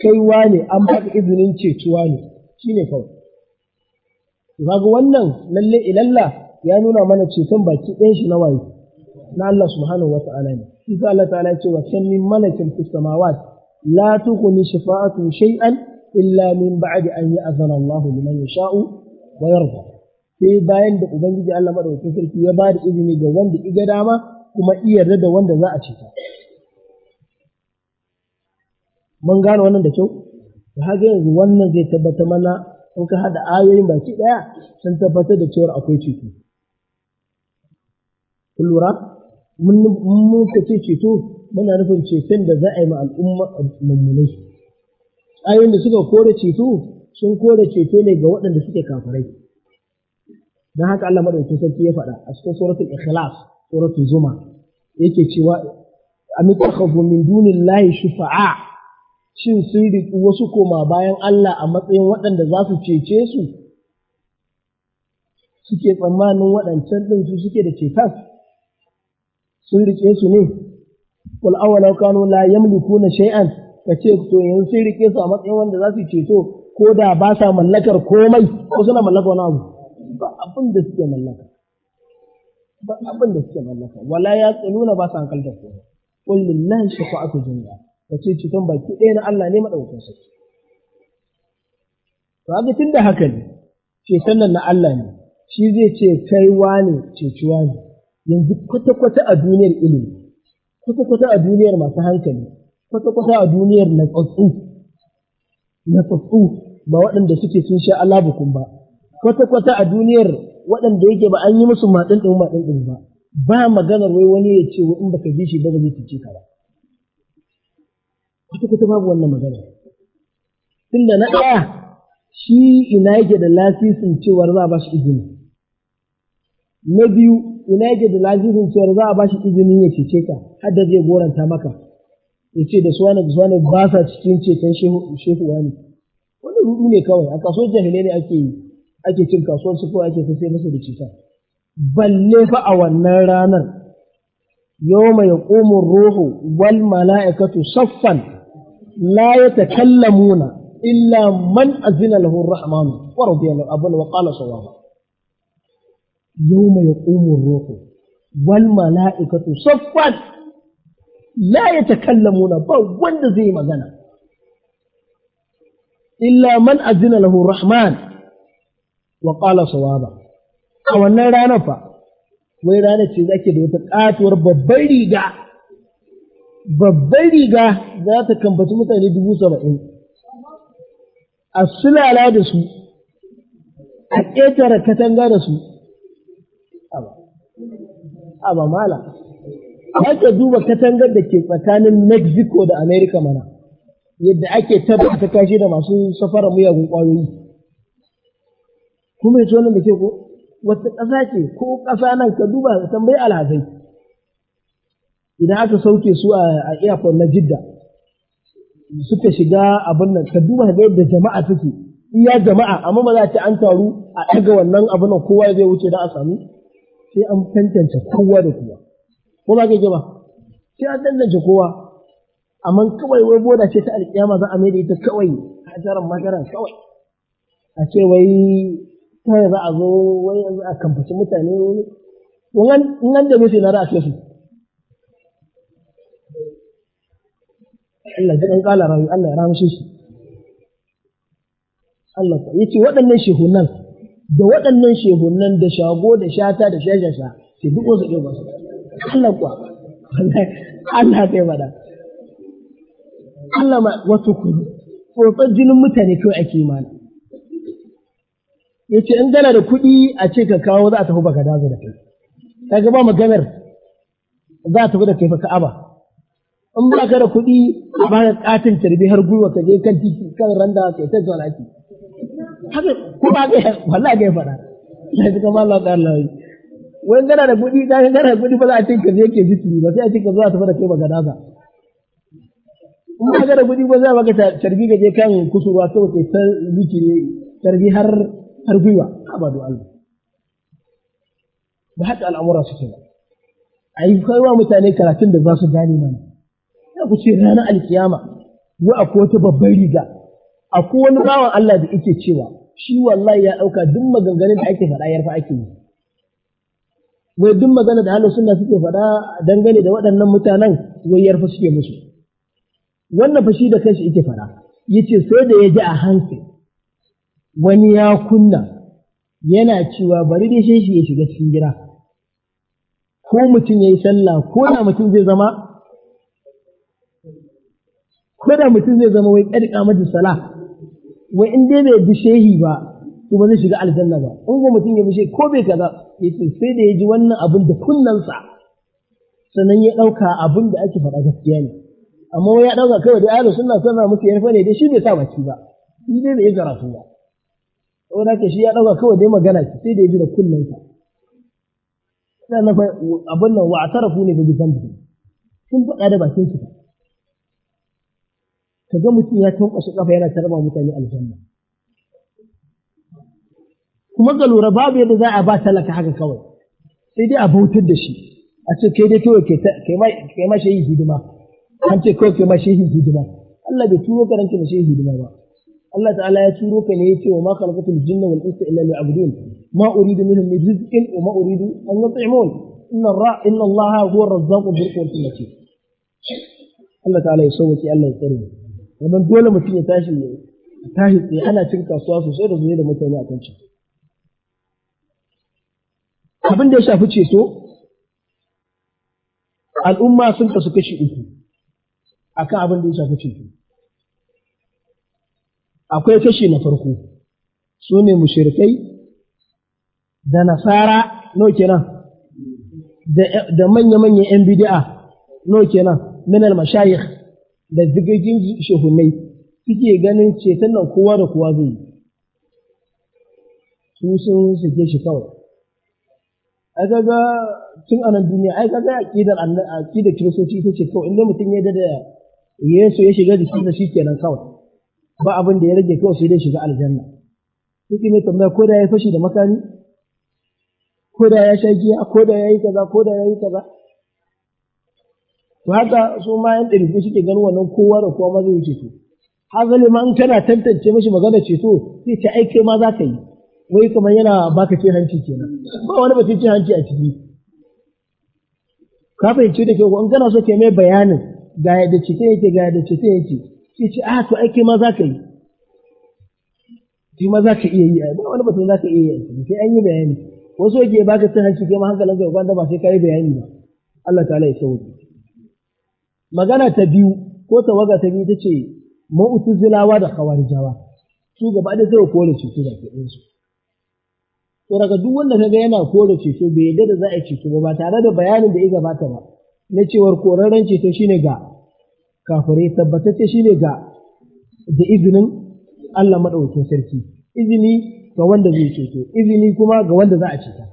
kaiwa ne an baka izinin cetuwa ne shine kawai ga wannan lalle ilalla ya nuna mana ceton baki ɗayan shi na waye na Allah subhanahu wa ta'ala ne shi sa Allah ta'ala ce wa min malakin fis samawat la tughni shafa'atu shay'an illa min ba'di an ya'zana Allahu liman yasha'u wa yarda sai bayan da ubangiji Allah madaukakin sarki ya ba da izini ga wanda iga dama kuma iya da wanda za a ceta mun gane wannan da kyau da haka yanzu wannan zai tabbata mana in ka hada ayoyin baki daya sun tabbatar da cewar akwai ciki lura mun muka ce ceto muna nufin ceton da za a yi ma al'umma mummunai ayoyin da suka kore ceto sun kore ceto ne ga waɗanda suke kafirai dan haka Allah madaukakin sarki ya faɗa a cikin suratul ikhlas suratul zuma yake cewa amitakhafu min dunillahi shufa'a shin sun riƙi wasu koma bayan Allah a matsayin waɗanda za su cece su suke tsammanin waɗancan ɗin suke da cetas sun rike su ne kul awwala kanu la yamlikuna shay'an kace to yanzu sun rike su a matsayin wanda za su ceto ko da ba sa mallakar komai ko suna mallaka wani abu ba abin da suke mallaka ba abin da suke mallaka wala ya tsaluna ba sa hankalta ko qul lillahi shafa'atu jami'a kace tun baki ɗaya na Allah ne madaukakin sarki to haka tunda haka ne ceton nan na Allah ne shi zai ce kai wane ciwa ne yanzu kwata-kwata a duniyar ilimi kwata-kwata a duniyar masu hankali kwata-kwata a duniyar natsatsu natsatsu ba waɗanda suke sun sha alabukun ba kwata-kwata a duniyar waɗanda yake ba an yi musu matsin ɗin matsin ɗin ba ba maganar wai wani ya ce in baka bi shi ba zai fice ka ba kwata-kwata babu wannan magana tunda na ɗaya shi ina yake da lasisin cewar za ba shi izini na biyu ina yake da lazifin cewar za a bashi izinin ya cece ka har da zai goranta maka ya ce da suwane da suwane ba sa cikin ceton shehu wani wani rudu ne kawai a kasuwar jahilai ne ake yi ake cin kasuwar su kawai ake sai masa da cuta balle fa a wannan ranar ya yaqumu roho wal mala'ikatu saffan la yatakallamuna illa man azina lahu ar-rahman wa radiya lahu da wa qala sawaba yau mai ƙumur roƙo, wal mala’ikatu, soffat, la yi ta kalla muna wanda zai magana. Illa man a zina lahu Rahman wa ƙala ba, a wannan ranar fa, wai ranar ce zake da wata ƙatuwar babbar riga, babbar riga za ta kambatu mutane dubu saba'in. A sulala da su, a ƙetare katanga da su, Aba mala. Aka duba katangar da ke tsakanin Mexico da America mana, yadda ake tabbata ta kashe da masu safara muyagun ƙwayoyi. Kuma yace wannan da ke ko? Wata ƙasa ce ko ƙasa nan ka duba tambayi alhazai. Idan aka sauke su a airport na Jidda, suka shiga abin nan, ka duba ga yadda jama'a take, iya jama'a, amma ba za ta an taru a ɗaga wannan abin nan kowa zai wuce da a sami sai an tantance kowa da kowa ko ba ke ba sai an tantance kowa amma kawai wai boda ce ta alƙiyama za a mai da ita kawai a jaran madaran kawai a ce wai kawai za a zo wai yanzu a kamfaci mutane wani in da mutu na ra'a su Allah jiran ɗan ƙala rayu Allah ya ramshe shi Allah ya ce waɗannan shehunan da waɗannan shehunan da shago da shata da shashasha ke duk wasu ɗaya wasu Allah kuwa, Allah ta yi Allah ma wasu kudu tsotsar jinin mutane kawai ake mana ya ce in gana da kuɗi a ce ka kawo za a tafi baka dazu da kai ta gaba maganar za a tafi da kai baka Aba, in ba ka da kuɗi a ba ka katin tarbi har gwiwa ka je kan titi kan randa kai ta zalaki haka ko ba ga wallahi ga fara sai kuma Allah ta Allah yi wani gana da kuɗi ka gara da kuɗi ba za a ce ka je ke zikiri ba sai a ce ka zo a tafi da kai magana ba in ba ga da ba za a baka tarbi ga je kan kusurwa sai kai ta zikiri tarbi har har gwiwa ba Allah ba Ba haka al'amura suke ba a yi kaiwa mutane karatun da za su gane mana ya ku ce ranar alkiyama wa akwai wata babbar riga akwai wani bawan Allah da yake cewa shi wallahi ya ɗauka duk maganganun da ake faɗa yarfa ake yi wai duk magana da ahlus sunna suke faɗa dangane da waɗannan mutanen wai yarfa suke musu wannan fashi da kanshi yake faɗa yace sai da ya ji a hansi wani ya kunna yana cewa bari dai shi ya shiga cikin gida ko mutum ya yi sallah ko da mutum zai zama ko da mutum zai zama wai ƙarƙa mata salah wai in dai bai bi shehi ba to ba zai shiga aljanna ba in ko mutum ya bishe ko bai kaza yace sai da ya ji wannan abin da kunnansa sannan ya ɗauka abin da ake faɗa gaskiya ne amma wai ya ɗauka kawai da ahlus sunna sunna musu yarfa ne dai shi bai sa baki ba shi dai bai karatu ba Wani ka shi ya ɗauka kawai dai magana ce sai da ya ji da kunnansa sannan abin nan wa atarafu ne bi zambi sun faɗa da bakin su ka ga mutum ya tankwashe kafa yana tarba mutane aljanna kuma ga lura babu yadda za a ba talaka haka kawai sai dai a bautar da shi a ce kai dai kawai kai ma shehi hidima an ce kawai kai ma shehi hidima Allah bai turo ka ranke da shehi hidima ba Allah ta'ala ya turo ka ne ya ce wa ma khalaqatul jinna wal insa illa liya'budun ma uridu minhum min rizqin wa ma uridu an yut'imun inna ra inna Allah huwa ar-razzaqu dhul quwwati matin Allah ta'ala ya sauke Allah ya tsare mu wannan dole mutum ya tashi ne tashi tsaye ana cin kasuwa sosai da zuwa da mutane a kan abin da ya shafi ceto al'umma sun kasu kashi uku a kan abin da ya shafi ceto akwai kashi na farko su ne mushirikai da nasara no kenan da manya-manyan 'yan bidi'a no kenan minal mashayikh da zigagin shahunai suke ganin ceton nan kowa da kowa zai yi su sun suke shi kawai ai kaga tun nan duniya ai kaga aqidar aqidar kiristoci ita ce kawai inda mutum ya da Yesu ya shiga ke nan kawai ba abin da ya rage kawai sai dai shiga aljanna suke mai tambaya ko da ya fashi da makami ko da ya sha giya ko da ya yi kaza ko da ya yi kaza to haka su ma yan ɗariku suke ganin wannan kowa da kowa ma zai yi ceto hazali ma in kana tantance mishi magana ceto sai ta aike ma za ka yi wai kamar yana baka cin hanci kenan ba wani batun cin hanci a ciki ka fahimci da ke in kana so ke mai bayanin ga yadda ceto yake ga yadda ceto yake sai ce a ah, to aike ma za ka yi shi ma za ka iya yi ba wani batun za ka iya yi a ciki sai an yi bayani wasu yake baka cin hanci kai ma hankalin ka ya kwanta ba sai ka yi bayani ba Allah ta'ala ya sauke magana ta biyu ko waga ta biyu ta ce zilawa da jawa su gaba da zai kore ceto da ke su to daga duk wanda kaga yana kore ceto bai yadda da za a ceto ba ba tare da bayanin da ya gabata ba na cewar korarren ceto shine ga kafirai tabbatacce shine ga da izinin Allah maɗaukin sarki izini ga wanda zai ceto izini kuma ga wanda za a ceta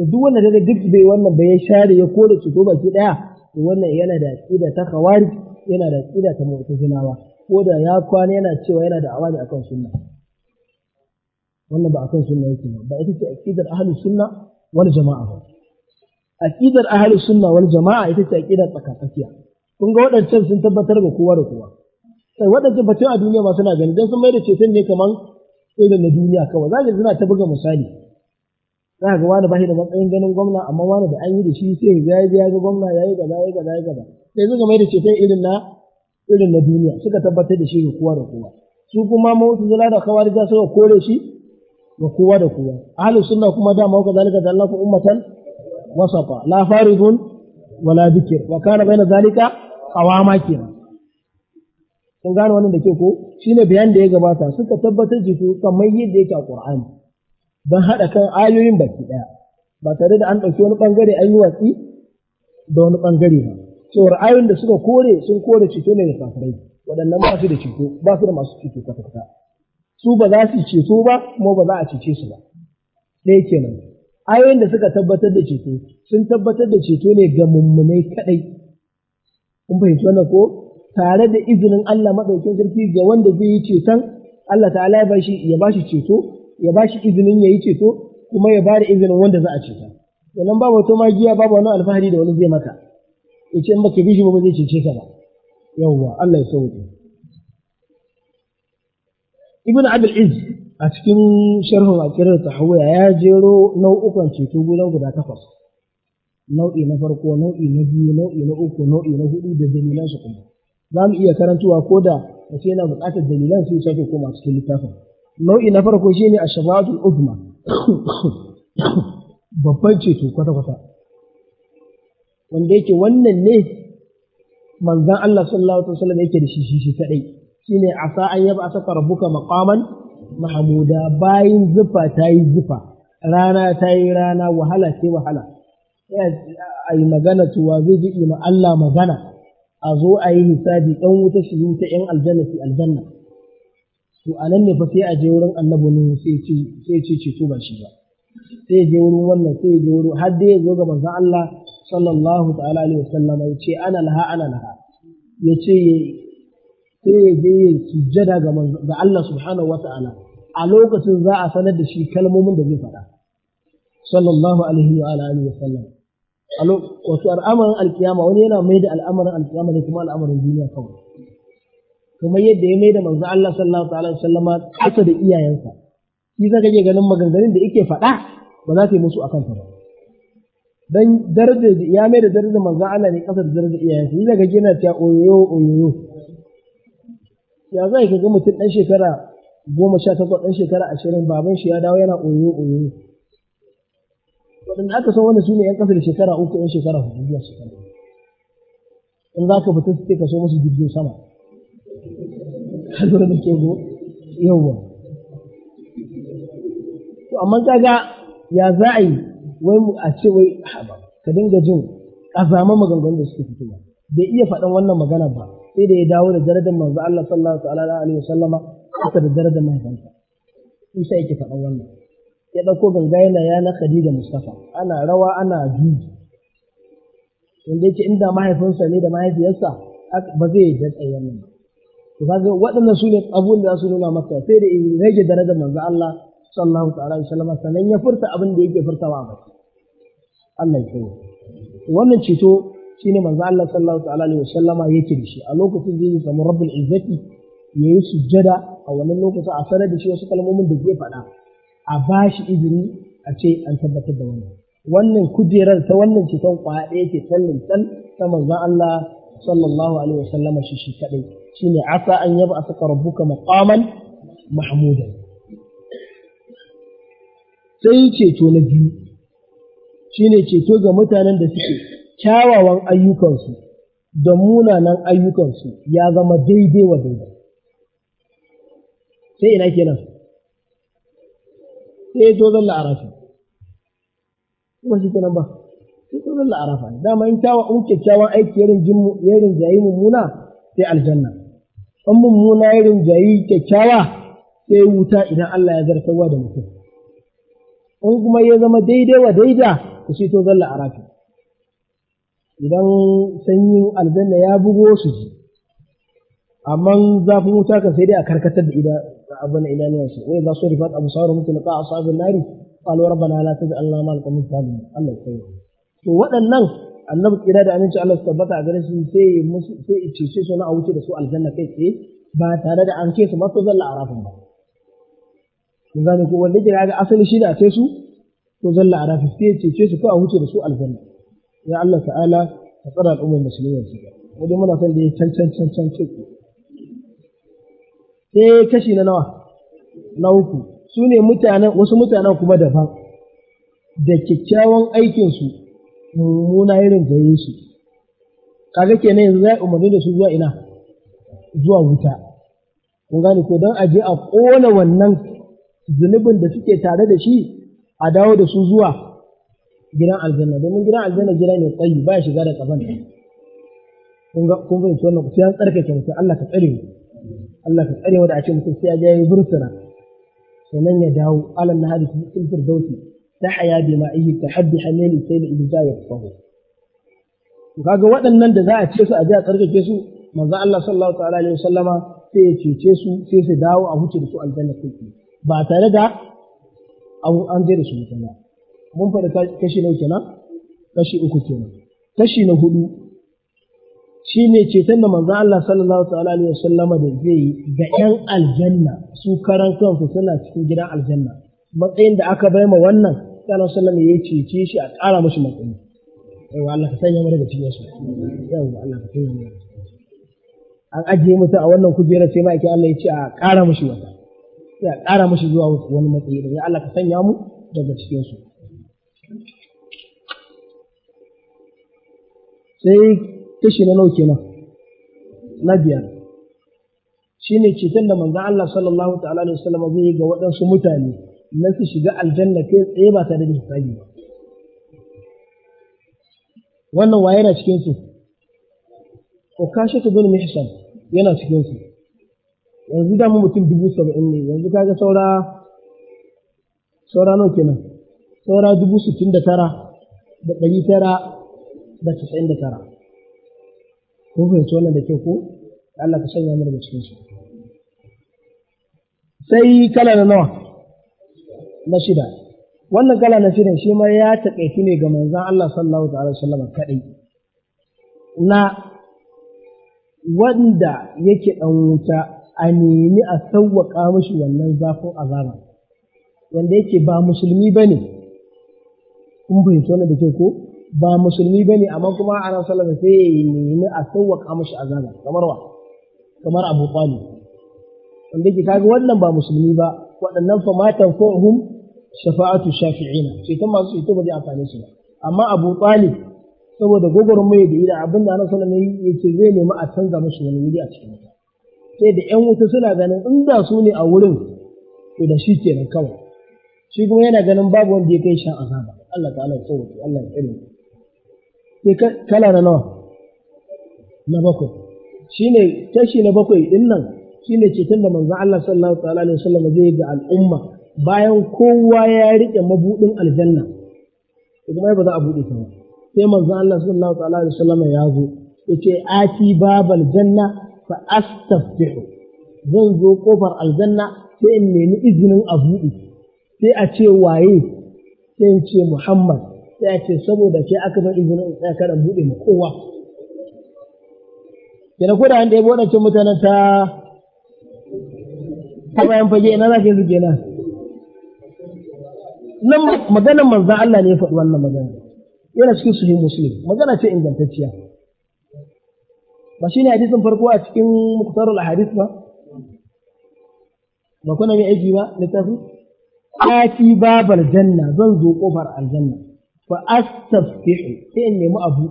to duk wanda kaga duk bai wannan bai ya share ya kore ceto baki ɗaya? wannan yana da aqida ta khawarij yana da aqida ta mu'tazilawa ko da ya kwana yana cewa yana da awani akan sunna wannan ba akan sunna yake ba ita ce aqidar ahlus sunna wal jama'a ba aqidar ahlus sunna wal jama'a ita ce aqidar tsakatsakiya kun ga waɗancan sun tabbatar ga kowa da kowa sai waɗancan batun a duniya ma suna gani dan sun mai da ceton ne kaman irin na duniya kawai zaka suna ta buga misali za ga wani bashi da matsayin ganin gwamna amma wani da an yi da shi sai ya ji ya ga gwamna ya yi gaba ya gaba ya gaba sai suka mai da ceton irin na irin na duniya suka tabbatar da shi ga kowa da kowa su kuma zula da khawarija suka kore shi ga kowa da kowa ahlus sunna kuma da zalika kazalika zallahu ummatan wasafa la faridun wala bikir wa kana baina zalika qawama kenan kun gane wannan da ke ko shine bayan da ya gabata suka tabbatar da shi kamar yadda yake a Qur'ani don haɗa kan ayoyin baki ɗaya ba tare da an ɗauki wani ɓangare an yi watsi da wani ɓangare ba cewar ayoyin da suka kore sun kore ceto ne da kafirai waɗannan ba su da ceto ba su da masu ceto kwata su ba za su ceto ba kuma ba za a cece su ba ɗaya kenan ayoyin da suka tabbatar da ceto sun tabbatar da ceto ne ga mummunai kaɗai kun fahimci wannan ko tare da izinin Allah maɗaukin sarki ga wanda zai yi ceton Allah ta'ala ya ba ya bashi ceto ya ba shi izinin ya yi ceto kuma ya ba da izinin wanda za a ceta wannan babu wata magiya babu wani alfahari da wani zai maka ya ce in baka bi shi ba zai cece ka ba yawwa Allah ya sauke ibn abul iz a cikin sharhun akirar tahawiyya ya jero nau'ukan ceto gudan guda takwas nau'i na farko nau'i na biyu nau'i na uku nau'i na hudu da dalilan su kuma za mu iya karantuwa ko da mace yana buƙatar dalilan sai sake koma cikin littafin nau'i na farko shine a shafaatul uzma babban ceto kwata-kwata wanda yake wannan ne manzan Allah sallallahu alaihi wasallam yake da shi shi kadai shine asa an yaba saka rabuka maqaman mahmuda bayin zufa tayi zufa rana tayi rana wahala sai wahala ai magana tuwa zai ji ma Allah magana a zo a yi hisabi dan wuta shi wuta yan aljanna fi aljanna to a nan ne fa sai a je wurin annabi nuhu sai ce ceto ba shi ba sai ya je wurin wannan sai ya je wurin har dai ya zo ga manzon Allah sallallahu ta'ala alaihi wasallam ya ce ana laha ana laha ya ce sai ya je ya sujjada ga ga Allah subhanahu wata'ala a lokacin za a sanar da shi kalmomin da zai faɗa sallallahu alaihi wa alihi wasallam wato al'amarin alkiyama wani yana mai da al'amarin alkiyama ne kuma al'amarin duniya kawai kamar yadda ya mai da manzo Allah sallallahu alaihi wasallama kasa da iyayensa shi za ka ganin maganganun da yake faɗa ba za ta yi musu akan ta ba dan darajar ya mai da darajar manzo Allah ne kasa da darajar iyayensa shi za ka gina ta oyoyo oyoyo ya zai ka ga mutum dan shekara goma sha takwas dan shekara ashirin baban shi ya dawo yana oyoyo oyoyo waɗanda aka san wani su ne 'yan ƙasa da shekara uku 'yan shekara hudu zuwa shekara in za ka fita su kaso ka so musu jirgin sama ka da ke go yawwa to amma kaga ya za a yi wai mu a ce wai ba ka dinga jin kazama maganganun da suke fitowa bai iya faɗan wannan magana ba sai da ya dawo da darajar manzo Allah sallallahu alaihi Sallama, aka da darajar mahaifansa Isa yake faɗan wannan ya ɗauko ganga yana ya na Khadija Mustafa ana rawa ana juji wanda yake inda mahaifinsa ne da mahaifiyarsa ba zai yi tsaye ba. kaga waɗannan su ne abubuwan da za su nuna maka sai da in rage darajar manzo Allah sallallahu ta'ala alaihi wasallam sannan ya furta abin da yake furtawa ba Allah ya kai wannan ceto shine manzo Allah sallallahu ta'ala alaihi wasallama yake da shi a lokacin da yake samu rabbul izzati yayi sujjada a wannan lokacin a sanar da shi wasu kalmomin da zai faɗa a bashi izini a ce an tabbatar da wannan wannan kujerar ta wannan ceton kwaya ɗaya ce tallin tal ta manzo Allah sallallahu alaihi wasallama shi shi kadai ne asa an yaba asaka rabuka maƙaman mahmudan sai ceto na biyu shine ceto ga mutanen da suke kyawawan ayyukansu da munanan ayyukansu ya zama daidai wa daidai sai ina kenan sai to zan la'arafi kuma shi kenan ba sai to zan arafa dama in kyawawan aiki yarin jayi mummuna sai aljanna in mummuna irin jayi kyakkyawa sai wuta idan Allah ya zartarwa da mutum in kuma ya zama daidai wa daida ku sai to zalla rafi idan sanyin aljanna ya bugo su ji amma zafin wuta kan sai dai a karkatar da ida abin su wai za su rufa a sauran mutum na ka'a sabon nari قالوا ربنا Allah ma alƙamun القوم Allah ya يسلمك to waɗannan annabi kira da aminci Allah tabbata a gare shi sai musu sai cece su na a wuce da su aljanna kai tsaye ba tare da an kai su masu zalla arafin ba kun gane ko wanda kira ga asali shi da kai su to zalla arafin sai cece su ko a wuce da su aljanna ya Allah ta'ala ka tsara al'ummar musulmi su wanda muna son da ya can can can can ce sai kashi na nawa na uku su ne mutanen wasu mutanen kuma daban da kyakkyawan aikinsu mummuna irin ta yi su kaga kenan yanzu za a umarni da su zuwa ina zuwa wuta kun gane ko don aje a ƙona wannan zunubin da suke tare da shi a dawo da su zuwa gidan aljanna domin gidan aljanna gida ne tsayi ba shiga da kaban kun ga kun fahimci wannan sai an tsarkake mutum Allah ka tsare mu Allah ka tsare mu da a ce mutum sai ya je ya bursuna sannan ya dawo alal na hadisi cikin firdausi sahaya bi ma'i tahaddi halal sai da idza ya to kaga waɗannan da za a ce su a ji a tsarkake su manzo Allah sallallahu ta'ala alaihi wasallama sai ya cece su sai su dawo a huce da su aljanna kai ba tare da an je da su mutum mun faɗi kashi nawa na, kashi uku kenan kashi na hudu shine ceton da manzo Allah sallallahu ta'ala alaihi wasallama da zai yi ga ƴan aljanna su karan kansu suna cikin gidan aljanna matsayin da aka bai ma wannan sallallahu alaihi wasallam ya cece shi a ƙara mashi makoni yawa Allah ka sanya mu daga cikin su yawa Allah ka sanya mu daga cikin su an ajiye mutum a wannan kujera sai ma yake Allah ya ce a ƙara musu wata sai a ƙara musu zuwa wani matsayi da Allah ka sanya mu daga cikin su sai kashi na nauke kenan na biyar shine ceton da manzon Allah sallallahu ta'ala alaihi wasallam zai yi ga waɗansu mutane na su shiga aljanna kai tsaye ba tare da hisabi ba wannan waye yana cikin su ko kashe ta bin mihsan yana cikin su yanzu da mu mutum dubu saba'in ne yanzu kaga saura saura nawa kenan saura dubu sittin da tara da ɗari tara da casa'in da tara kun fahimci wannan da kyau ko Allah ka sanya mana da cikin su sai kala na nawa na shida wannan kala na shida shi ma ya taƙaitu ne ga manzan Allah sallallahu alaihi wasallam kaɗai na wanda yake ɗan wuta a nemi a sauwaƙa mashi wannan zafin azaba wanda yake ba musulmi ba ne kun fahimci wannan da ke ko ba musulmi ba ne amma kuma a ran salama sai ya nemi a sauwaƙa mashi azaba kamar wa kamar abu ƙwali wanda yake kaga wannan ba musulmi ba waɗannan famatan ko hum shafa'atu shafi'ina ceton masu ceto ba zai amfane su ba amma Abu Talib saboda mai da ida abin da Annabi sallallahu alaihi wasallam zai nemi a canza musu wani wuri a cikin wuta sai da ƴan wuta suna ganin in da su ne a wurin to da shi kenan kawai shi kuma yana ganin babu wanda ya kai shan azaba Allah ta'ala ya tsawo Allah ya kare sai kala na nawa na bakwai shine tashi na bakwai din nan shine ceton da manzan Allah sallallahu alaihi wasallam zai ga al'umma bayan kowa ya riƙe mabuɗin aljanna kuma ba za a buɗe ta sai manzo Allah sallallahu alaihi wasallam ya zo yace ati babal janna fa astaftihu zan zo kofar aljanna sai in nemi izinin a buɗe sai a ce waye sai in ce Muhammad sai a ce saboda ke aka bar izinin sai kada buɗe ma kowa yana koda an da yabo wadancan mutanen ta ta bayan fage na za yi su kenan nan maganar manzan Allah ne ya faɗi wannan magana yana cikin sahih muslim magana ce ingantacciya ba shi ne hadisin farko a cikin al hadis ba ba kuna mai aiki ba littafi ati babal janna zan zo kofar aljanna fa astaftihu sai in nemi abu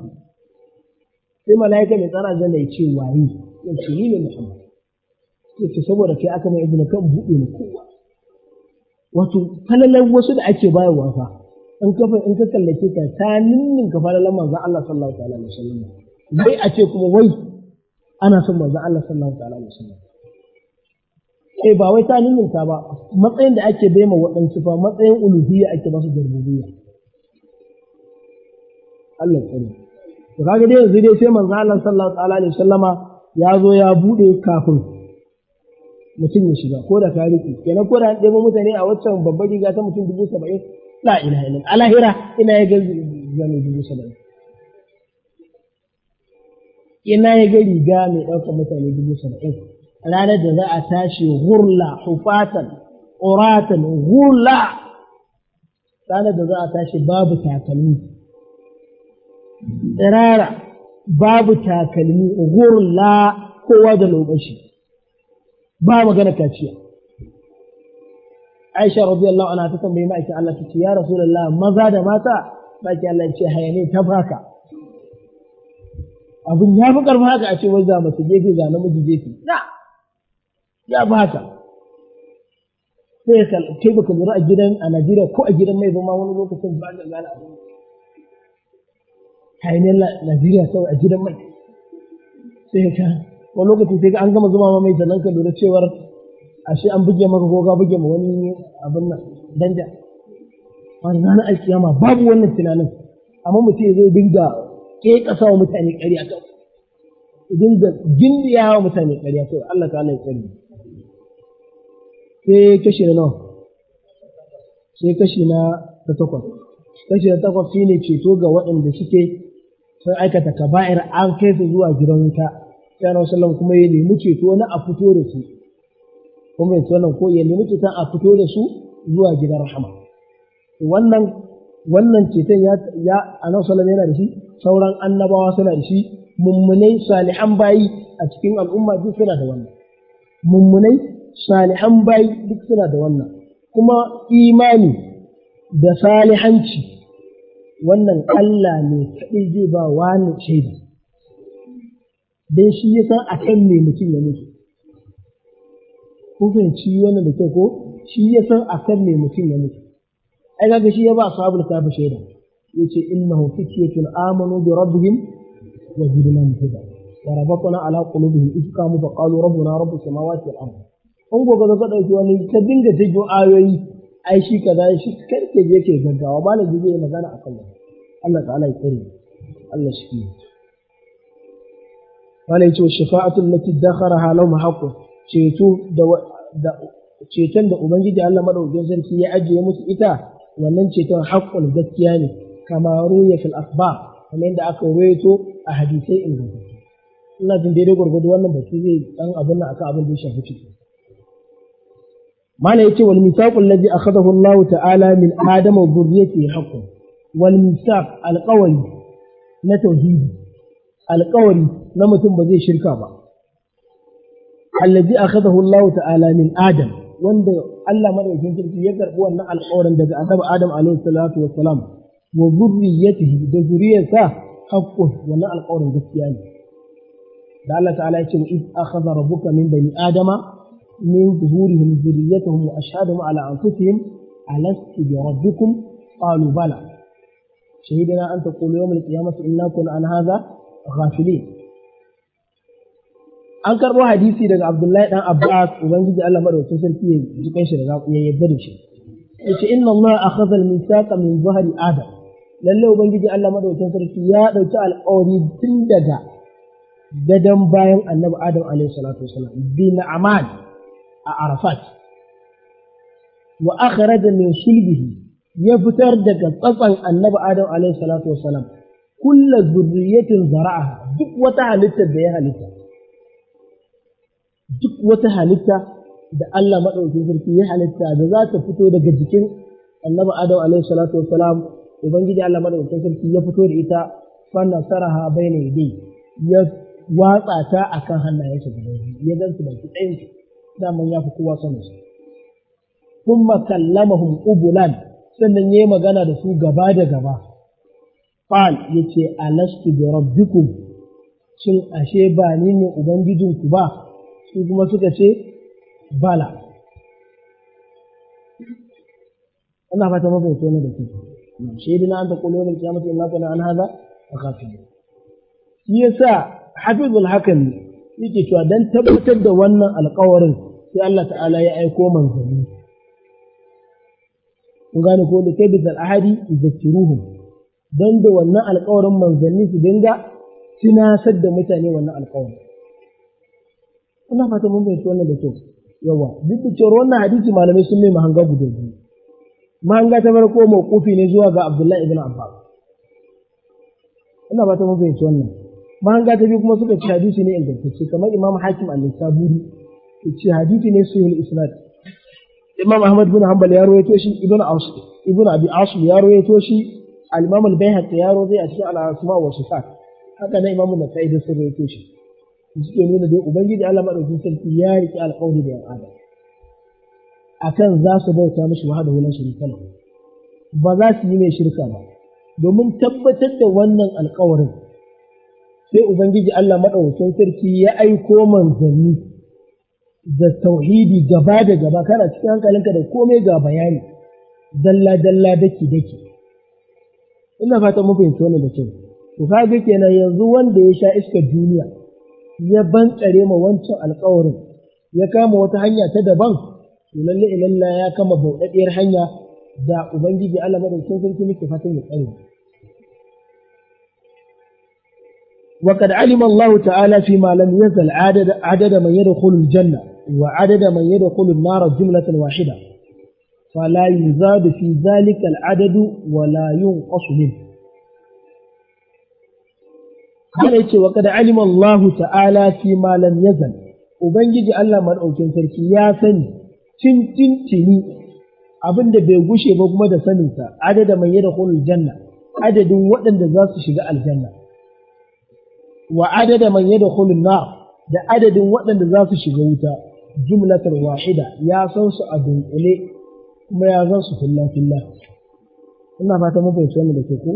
sai malaika mai tsara aljanna ya ce waye ya ce ni ne muhammad ya ce saboda kai aka mai izini kan buɗe ni kowa wato falalan wasu da ake bayarwa fa in ka in ka kallake ka ta ninnin ka falalan manzon Allah sallallahu alaihi wasallam wai a ce kuma wai ana son manzon Allah sallallahu alaihi wasallam eh ba wai ta ninnin ka ba matsayin da ake bai ma waɗansu fa matsayin uluhiyya ake ba su darbubiyya Allah tsare to kaga dai yanzu dai sai manzon Allah sallallahu alaihi wasallama ya zo ya bude kafin mutum ya shiga ko da ka riƙe kenan ko da ɗaya mutane a waccan babbar riga ta mutum dubu saba'in la ina illallah alahira ina ya ga zane dubu saba'in ina ya ga riga mai ɗaukar mutane dubu saba'in ranar da za a tashi hurla hufatan uratan hurla ranar da za a tashi babu takalmi tsirara babu takalmi hurla kowa da lokaci. ba magana kaciya Aisha radiyallahu anha ta tambayi ma'aikin Allah ta ce ya Rasulullah maza da mata baki Allah ya ce hayane ta baka abin ya fi karfa haka a ce wai ga mace gefe ga namiji gefe na ya ba sai ka kai baka lura a gidan a Najeriya ko a gidan mai ba ma wani lokacin ba ga gane abin hayanin Najeriya kawai a gidan mai sai ka wani lokaci sai an gama zuma ma mai sannan ka lura cewar ashe an buge maka ko ka buge ma wani abin nan danja wani ranar alkiyama babu wannan tunanin amma mutum ya zo dinga ke kasa wa mutane ƙarya kawai dinga gindiya wa mutane ƙarya to Allah Allah ya tsare sai kashi na nawa sai kashi na ta takwas kashi na takwas shine ceto ga waɗanda suke sun aikata kaba'ir an kai su zuwa gidan wuta sallallahu wasallam kuma ya nemi ceto na a fito da su kuma ya tsanan ko ya nemi ceton a fito da su zuwa gidan rahama wannan wannan ceton ya ya annabi sallallahu yana da shi sauran annabawa suna da shi mummunai salihan bayi a cikin al'umma duk suna da wannan mummunai salihan bayi duk suna da wannan kuma imani da salihanci wannan Allah ne kaɗai zai ba wani shaidu don shi ya san a kan me mutum ya mutu kun fahimci wani da kyau ko shi ya san a kan me mutum ya mutu ai kaga shi ya ba ashabul kafi shaida yace innahu fityatun amanu bi rabbihim wa bidinam huda wa rabbana ala qulubihim idh qamu fa qalu rabbuna rabbus samawati wal ard In goga ga kada ki wani ka dinga jigo ayoyi ai shi kaza shi karke je ke gaggawa ba na jigo magana akan Allah ta'ala ya tsare Allah shi ke malai ce shafa'atul lati dakharaha lahum haqqun ceto ceton da ubangiji Allah madaukakin sarki ya ajiye musu ita wannan ceton haqqun gaskiya ne kama ruya fil asba kamar aka ruwaito a hadisai ingantattu ina jin daidai gwargwado wannan baki zai dan abin nan akan abin da ya shafi ciki mala yace wal misaqul ladzi akhadahu Allah ta'ala min adama wa dhurriyyatihi haqqun na tauhidi alƙawari na mutum ba zai shirka ba allazi akhadahu Allah ta'ala min adam wanda Allah madaukakin sarki ya karbi wannan alƙawarin daga annabi Adam alaihi salatu wa salam wa zurriyatihi da zuriyarsa haqqun wannan alƙawarin gaskiya ne da Allah ta'ala ya ce iz akhadha rabbuka min bani adama من ظهورهم ذريتهم وأشهدهم على أنفسهم ألست بربكم قالوا بلى شهدنا أن تقول يوم القيامة إنا كنا عن هذا ghafilin an karɓo hadisi daga Abdullahi dan Abbas ubangiji Allah madaukakin sarki ya jikan shi daga ya yarda da shi yace inna Allah akhadha al-mithaqa min zahri adam lalle ubangiji Allah madaukakin sarki ya dauki alƙawari tun daga dadan bayan annabi Adam alaihi salatu wasalam bi na'aman a Arafat wa akhraja min sulbihi ya fitar daga tsatsan annabi Adam alaihi salatu wasalam kulla zurriyatin zara'a duk wata halitta da ya halitta duk wata halitta da Allah madaukakin sarki ya halitta da za ta fito daga jikin Annabi Adam alaihi salatu wassalam ubangiji Allah madaukakin sarki ya fito da ita fanna saraha bayna yadai ya watsa ta akan hannayensa da ya gansu baki ɗayan su daman ya fi kowa sanin su kuma kallamahum ubulan sannan yayi magana da su gaba da gaba qal yace alastu bi rabbikum shin ashe ba ni ne ubangijinku ba su kuma suka ce bala ana fata mafi to ne da ku an an yasa hafizul hakami yake cewa dan tabbatar da wannan alƙawarin sai Allah ta'ala ya aiko manzanni gane ko da kai ahadi don da wannan alkawarin manzanni su dinga tunasar da mutane wannan alkawarin ina fata mun fahimci wannan da kyau yawa duk da cewa wannan hadisi malamai sun mai mahanga guda biyu mahanga ta farko mawqufi ne zuwa ga Abdullahi ibn Abbas ina fata mun fahimci wannan mahanga ta biyu kuma suka ci hadisi ne ingantacce kamar Imam Hakim al-Saburi ya ce hadisi ne sahih isnad Imam Ahmad bin Hanbal ya rawaito shi Ibn Abi Asu ya rawaito shi almamul bai al yaro ya rozi a cikin al-asma wa sifat haka na imam an-nasa'i da sirri yake shi suke nuna dai ubangiji Allah madaukakin sarki ya riki alƙawari da yan A akan za su bauta mishi wahdahu la sharika ba za su yi mai shirka ba domin tabbatar da wannan alƙawarin sai ubangiji Allah madaukakin sarki ya aiko manzanni da tauhidi gaba da gaba kana cikin hankalinka da komai ga bayani dalla dalla daki daki ina fatan mun fahimci wannan da kyau to kaga kenan yanzu wanda ya sha iskar duniya ya bantsare ma wancan alƙawarin ya kama wata hanya ta daban to lalle ilalla ya kama bauɗaɗɗiyar hanya da ubangiji Allah madaukakin sarki muke fatan ya tsare وقد علم الله تعالى فيما لم يزل عدد عدد من يدخل الجنة وعدد من يدخل النار جملة واحدة فلا يزاد في ذلك العدد ولا ينقص منه Yana ce wa kada alima Allah ta'ala fi malam yazal, Ubangiji Allah maɗaukin sarki ya sani cin tintini abin da bai gushe ba kuma da saninsa, adada mai yada hulul janna, adadin waɗanda za su shiga aljanna, wa adada mai yada hulul na da adadin waɗanda za su shiga wuta, jumlatar wahida ya san su a dunkule kuma ya zan su filla filla ina fata mun fahimci wannan da ke ko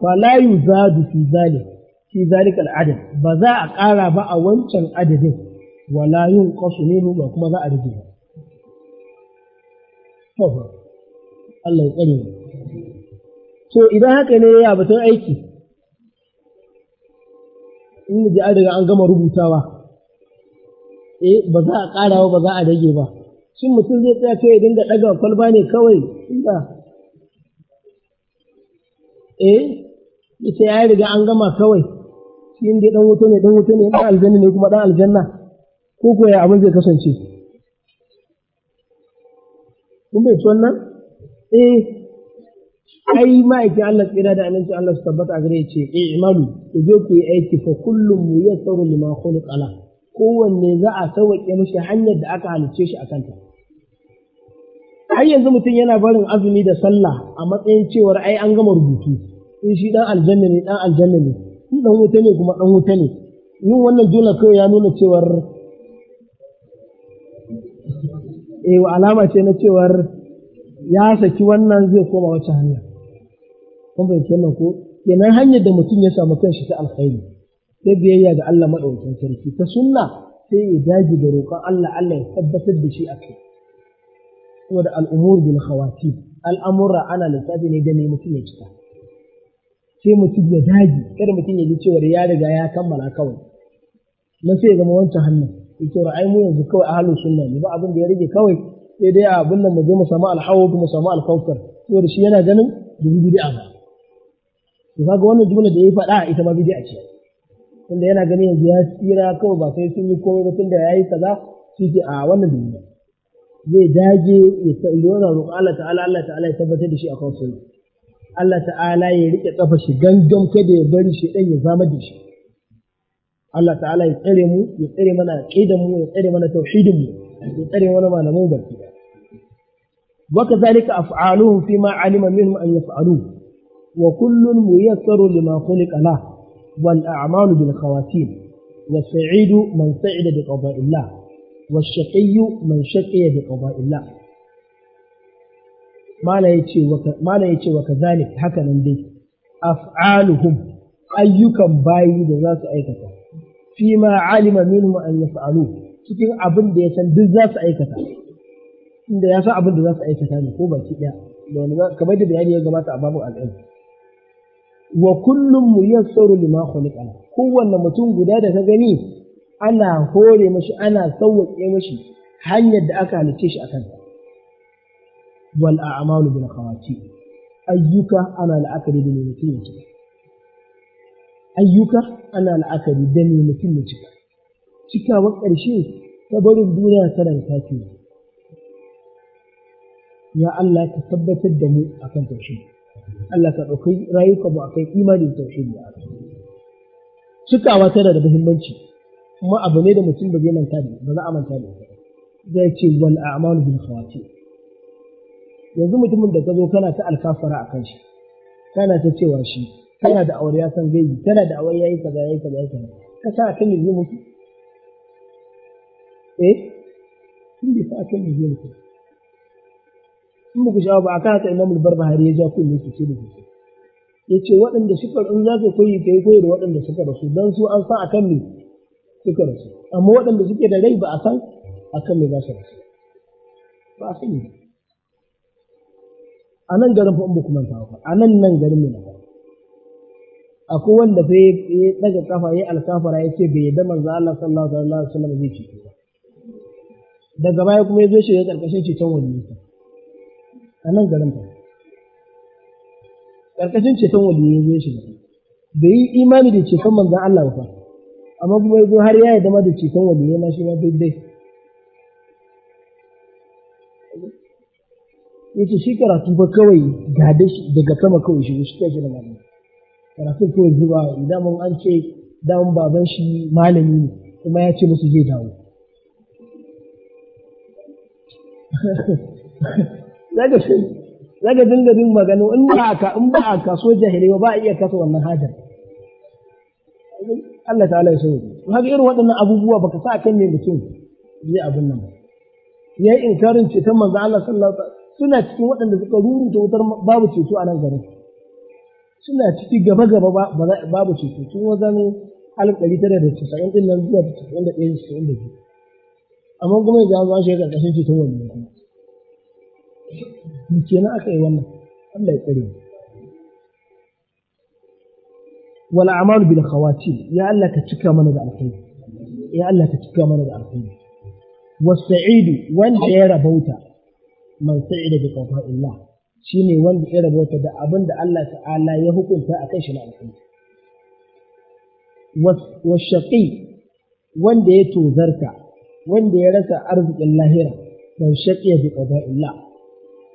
fa la yuzadu fi zalik fi zalik al'adad ba za a ƙara ba a wancan adadin wa yin qasu minhu ba kuma za a rage ba Allah ya tsare mu so idan haka ne ya batun aiki in da ji an an gama rubutawa eh ba za a ƙara ba za a rage ba shin mutum zai tsaya kai ya dinga ɗaga kwalba ne kawai inda eh ita ya riga an gama kawai shi inda dan wuta ne dan wuta ne dan aljanna ne kuma dan aljanna ko ko ya abin zai kasance kun bai wannan eh ai ma'aikin Allah tsira da aminci Allah su tabbata a gare ya ce eh imanu ku je ku yi aiki fa kullum mu yassaru lima khuliqa lahu kowanne za a sauwaƙe mashi hanyar da aka halicce shi a kanta. Har yanzu mutum yana barin azumi da sallah a matsayin cewar ai an gama rubutu, in shi ɗan aljanna ne ɗan aljanna ne, in ɗan wuta ne kuma ɗan wuta ne. Yin wannan jula kawai ya nuna cewar eh alama ce na cewar ya saki wannan zai koma wacce hanya. Kun fahimci nan ko? Kenan hanyar da mutum ya samu kanshi ta alkhairi. sai biyayya ga Allah maɗaukakin sarki ta sunna sai ya daji da roƙon Allah Allah ya tabbatar da shi a kai saboda al'umur bil khawati al'amura ana lissafi ne da ne mutum ya cika sai mutum ya daji kada mutum ya ji cewa ya riga ya kammala kawai na sai ya zama wancan hannun ya ce ra'ayi mu yanzu kawai a halin sunna ne ba abin da ya rage kawai sai dai a abin nan mu je mu samu alhawud mu samu alkawkar saboda shi yana ganin dubi a ba to kaga wannan jumla da ya faɗa ita ma a ce tunda yana gani yanzu ya tsira kawai ba sai sun yi komai ba tunda ya yi kaza shi ke a wannan duniya zai dage ya yana roƙon Allah ta'ala Allah ta'ala ya tabbatar da shi a kan sunna Allah ta'ala ya rike kafa shi gangan kada ya bari shi dan ya zama da shi Allah ta'ala ya tsare mu ya tsare mana aqidan mu ya tsare mana tauhidin mu ya tsare mana malaman baki وكذلك أفعالهم 'alima minhum an yaf'alu wa kullun muyassaru lima khuliqa lahu والأعمال بالخواتيم والسعيد من سعد بقضاء الله والشقي من شقي بقضاء الله ما لا يتي وكذلك هكذا دي أفعالهم أيكم باي ذات أيكتا فيما علم منهم أن يفعلوه cikin abin da ya san duk za su aikata inda ya san abin da za su aikata ne ko baki ɗaya kamar da bayani ya gabata a babu wa kullum muyassaru lima khuliqa kowane mutum guda da ka gani ana hore mashi ana sauwaƙe mashi hanyar da aka halice shi a ta wal a'malu bil khawati ayyuka ana la'akari da ne mutum ya cika ayyuka ana la'akari da ne mutum ya cika cikawar ƙarshe ta barin duniya tana da ya Allah ka tabbatar da mu akan tashi Allah ka ɗauki rayuka mu akan imanin tauhidi cikawa tana da muhimmanci kuma abu ne da mutum ba zai manta da ba za a manta da ita zai ce wal a'malu bil khawati yanzu mutumin da ka zo kana ta alkafara akan shi kana ta cewa shi kana da aure ya san gaibi kana da aure yayi kaza yayi kaza yayi ka sa akan ne mutu eh kin bi sa akan ne zai in ba ku sha ba kan haka imamul barbahari ya ja ku ne ce da Ya yace waɗanda suka in za ka koyi kai koyi da waɗanda suka rasu dan su an san akan me suka rasu amma waɗanda suke da rai ba a san akan me za su rasu ba a sani a nan garin fa in ba ku manta ba a nan nan garin ne na akwai wanda fa ya daga kafa ya alkafara ya ce bai yadda manzo Allah sallallahu alaihi wasallam zai ci daga baya kuma ya zo shi ya karkashin ceton wani a nan garin fa ƙarƙashin ceton waliyu ya ba, bai yi imani da ceton manzan Allah ba amma kuma zo har ya yarda ma da ceton waliyu ma mashi ba daidai ce shi karatu ba kawai ga daga sama kawai shi shi kaje da malami karatu kawai zuwa idan mun an ce dan baban shi malami ne kuma ya ce musu zai dawo <laughs> shi daga dinga bin maganu in ba ka in ba ka so jahili ba iya kasa wannan hajar Allah ta'ala ya sani ga irin waɗannan abubuwa baka sa kan ne mutum yi abin nan ba yayi inkarin ta manzo Allah sallallahu alaihi wasallam suna cikin waɗanda suka rurunta wutar babu ceto a nan garin suna ciki gaba gaba babu ceto tun wajen alif ɗari tara da casa'in ɗin nan zuwa casa'in da ɗaya da casa'in da biyu amma kuma yanzu an zo an shiga ƙarƙashin ceton wannan Me na aka yi wannan? Allah ya tsare mu. Wal a'malu bil khawatim ya Allah ka cika mana da alkhairi. Ya Allah ka cika mana da alkhairi. Wasa'idu wanda ya rabauta man sa'ida bi qada'illah shine wanda ya rabauta da abin da Allah ta'ala ya hukunta akan shi na alkhairi. Washaƙi wanda ya tozarta, wanda ya rasa arzikin lahira, ban shaƙiya bi ƙada'illah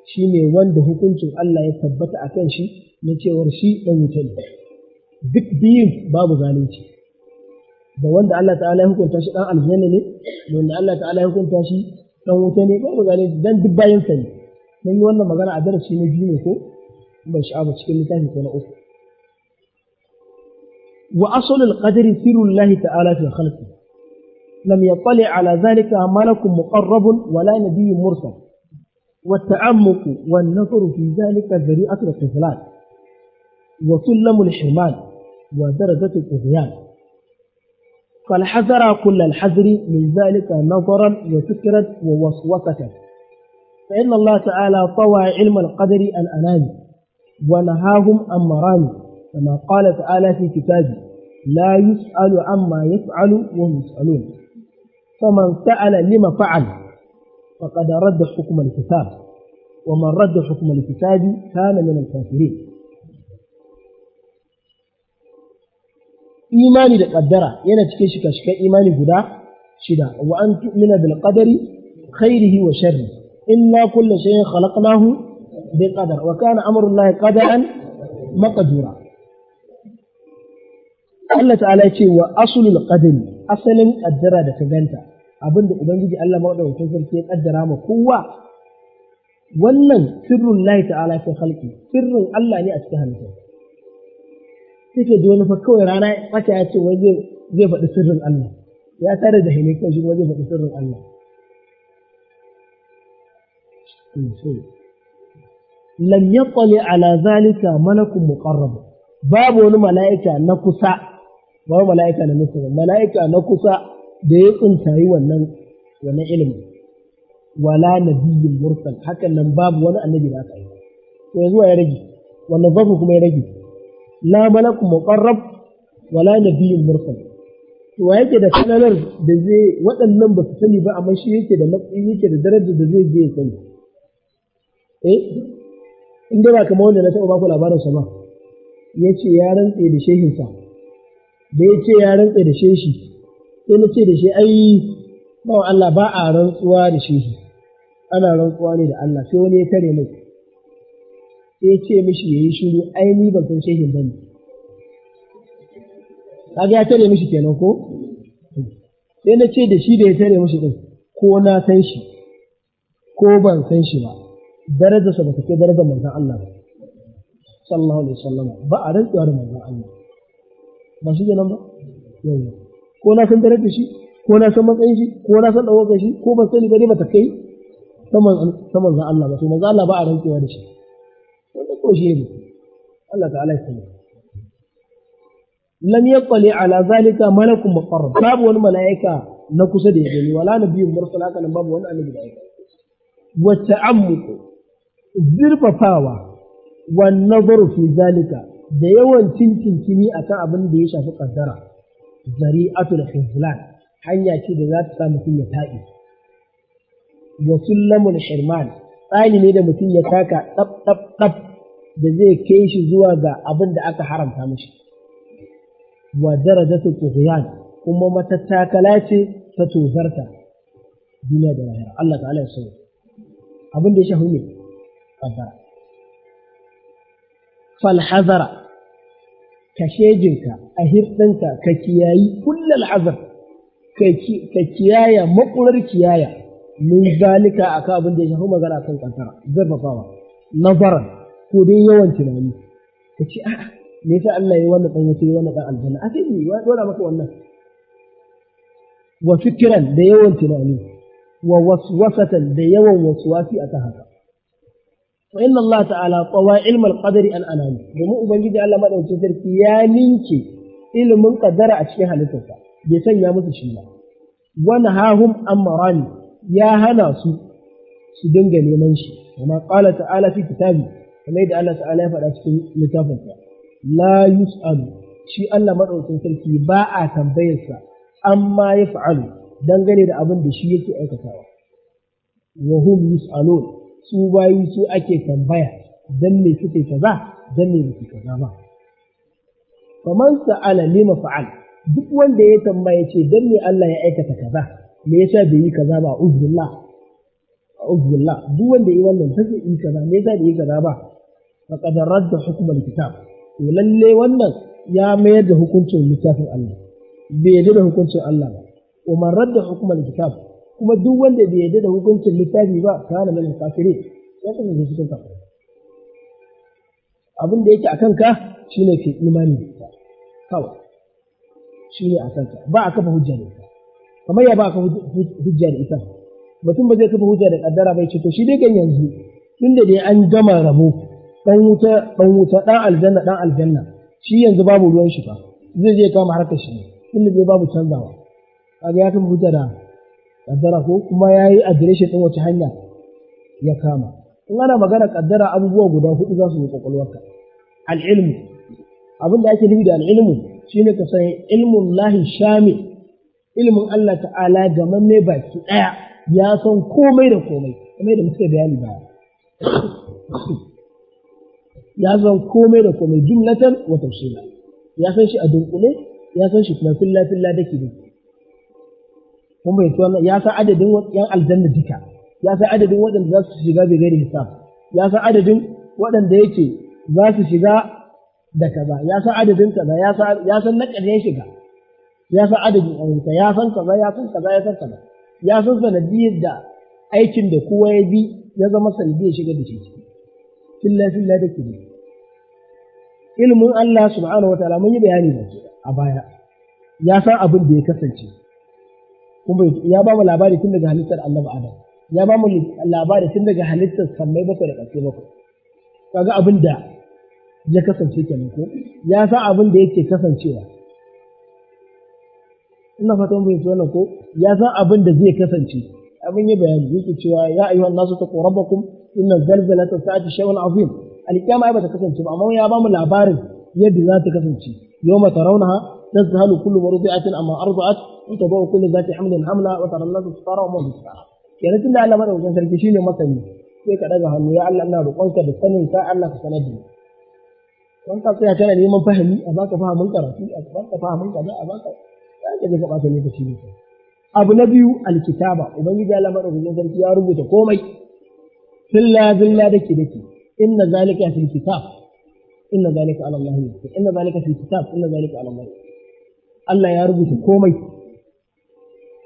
shine wanda hukuncin Allah ya tabbata a kan shi na cewar shi ɗan wuta ne duk biyun babu zalunci da wanda Allah ta'ala ya hukunta shi ɗan aljanna ne da wanda Allah ta'ala ya hukunta shi dan wuta ne babu zalunci dan duk bayan sa ne mun yi wannan magana a darasi na biyu ne ko ban sha'aba cikin littafi ko na uku wa asalul qadri sirullahi ta'ala fi khalqi lam yattali ala zalika malakun muqarrabun wala nabiyyun mursal والتعمق والنظر في ذلك ذريعة الطفلان وسلم الحرمان ودرجة الطغيان فالحذر كل الحذر من ذلك نظرا وفكرا ووسوسة فإن الله تعالى طوى علم القدر الأناني ونهاهم عن كما قال تعالى في كتابه لا يسأل عما يفعل وهم يسألون فمن سأل لما فعل فقد رد حكم الكتاب ومن رد حكم الكتاب كان من الكافرين إيماني بالقدرة ينا تكيش كشك إيماني بدا شدا وأن تؤمن بالقدر خيره وشره إنا كل شيء خلقناه بقدر وكان أمر الله قدرا مقدورا الله تعالى يقول وأصل القدر أصل القدرة لتغنتها abin da ubangiji Allah madaukakin sarki ya kaddara ma kowa wannan sirrin lahi ta'ala fi khalqi sirrin Allah ne a cikin hannu. take da wani kawai rana tsaka ya ce wai zai faɗi sirrin Allah ya tare da hene kai shi wai zai faɗi sirrin Allah lam yaqli ala zalika malakun muqarrab babu wani mala'ika na kusa babu mala'ika na nisa mala'ika na kusa da ya tsuntayi wannan wannan ilimin wala nabiyyin mursal hakan nan babu wani annabi da aka yi to yanzu ya rage wannan babu kuma ya rage la malaku muqarrab wala nabiyyin mursal to wa yake da falalar da zai waɗannan ba su sani ba amma shi yake da matsayi yake da darajar da zai je ya sani eh in da ba kamar wanda na taɓa baku labarin sa ba ya ce ya rantse da shehinsa da ya ce ya rantse da sheshi sai na ce da shi ai bawa Allah ba a rantsuwa da shi ana rantsuwa ne da Allah sai wani ya tare mai sai ya ce mishi yayi shiru ai ni ban san shehin bane kaga ya tare mishi kenan ko sai na ce da shi da ya tare mishi din ko na san shi ko ban san shi ba darajarsa ba ta kai darajar manzon Allah ba sallallahu alaihi wasallam ba a rantsuwa da manzon Allah ba shi kenan ba yau ko na san darajar shi ko na san matsayin shi ko na san ɗaukar shi ko ban sani ba dai ba ta kai Saman za' Allah ba to manzan Allah ba a rantsewa da shi wanda ko shi ne Allah ta'ala ya sani lam yaqli ala zalika malakun muqarrab babu wani mala'ika na kusa da ya gani wala nabiyyun mursal haka nan babu wani annabi da aika wa ta'ammuku zirfafawa, wa nazaru fi zalika da yawan cincin cini akan abin da ya shafi kaddara zari zari'atul khizlan hanya ce da za ta sa mutum ya ta'i wa sullamul hirman tsani ne da mutum ya taka tsab tsab tsab da zai kai shi zuwa ga abin da aka haramta mishi wa darajatul tughyan kuma matattakala ce ta tozarta duniya da lahira Allah ta'ala ya sauya abin da ya shafi ne kaddara fal hazara ka shejinka a hirɗinka ka kiyayi kullal azar ka kiyaya makular kiyaya min zalika a ka abin da ya shafi magana kan kankara zarfafawa nazaran ko dai yawan tunani ka ce a'a me yasa Allah ya wannan dan yace wannan dan aljanna a sai ya dora maka wannan wa fikran da yawan tunani wa waswasatan da yawan waswasi aka haka wa inna Allah ta'ala qawa ilmal kadari an anami domin ubangiji Allah madaukakin sarki ya ninke ilimin kaddara a cikin halittarsa bai sanya musu shi ba wani hahum amarani ya hana su su dinga neman shi amma qala ta'ala fi kitabi kamar da Allah ta'ala ya faɗa cikin littafinsa la yus'alu shi Allah madaukakin sarki ba a tambayarsa amma ya fa'alu dangane da abin da shi yake aikatawa wa hum yus'alun su bayi su ake tambaya dan me suke kaza dan me suke kaza ba Kamar sa'ala lima fa'al duk wanda ya tambaya ce dan me Allah ya aikata kaza me yasa bai yi kaza ba uzbillah uzbillah duk wanda yi wannan sai yi kaza me yasa bai yi kaza ba faqad radda da hukumar kitab to lalle wannan ya mayar da hukuncin littafin Allah bai yarda da hukuncin Allah ba umar radda hukumar kitab kuma duk wanda bai yarda da hukuncin littafi ba kana min kafirin ya kasance cikin kafirai abin da yake akan ka shine ke imani kawai shine akan ka ba a kafa hujja ne kamar ya ba ka hujja da ita mutum ba zai kafa hujja da kaddara bai ce to shi dai kan yanzu tunda dai an gama rabo dan wuta dan wuta dan aljanna dan aljanna shi yanzu babu ruwan shi fa zai je kama harkar shi ne tunda dai babu canzawa kaga ya kafa hujja da kaddara ko kuma ya yi adireshin ɗin wace hanya ya kama in ana magana kaddara abubuwa guda hudu za su yi kwakwalwarka al'ilmu abin da ake nufi da al'ilmu shine ka san ilmun lahi shami ilmin Allah ta'ala ga mamme baki ɗaya ya san komai da komai kamar da muke bayani ba ya san komai da komai jumlatan wa tafsila ya san shi a dunkule ya san shi kuma filla filla dake dake kun bayyanci wannan ya san adadin yan aljanna duka ya san adadin waɗanda za su shiga bai gari hisab ya san adadin waɗanda yake za su shiga da kaza ya san adadin kaza ya san na ƙarshen shiga ya san adadin ayyuka ya san kaza ya san kaza ya san kaza ya san sanadiyar da aikin da kowa ya bi ya zama sanadiyar shiga da shi ciki filla filla da ke ilmin Allah subhanahu wataala mun yi bayani da a baya ya san abin da ya kasance kuma ya ba mu labari tun daga halittar annabi adam ya ba mu labari tun daga halittar sammai bakwai da ƙarfe bakwai kaga abin da ya kasance kenan ko ya san abin da yake kasancewa ina fatan bai tona ko ya san abin da zai kasance abin ya bayani yake cewa ya ayyuhan nasu taqu rabbakum inna zalzalata sa'ati shay'un azim alkiyama ba ta kasance ba amma ya ba mu labarin yadda za ta kasance yawma tarawnaha تذهل كل مرضعة أما أرضعت وتضع كل ذات حمل حملها وترى الناس سكارى وما سكارى kenan tunda Allah madaukakin sarki shine masani sai ka daga hannu ya Allah ina roƙonka da sanin ka Allah ka sanar da ni don neman fahimi a baka fahimin karatu a baka fahimin kaza a baka ya ke zai bata lokaci ne abu na biyu alkitaba ubangiji Allah madaukakin sarki ya rubuta komai filla zilla dake dake inna zalika fil kitab inna zalika ala Allah inna zalika fil kitab inna zalika ala Allah ya rubuta komai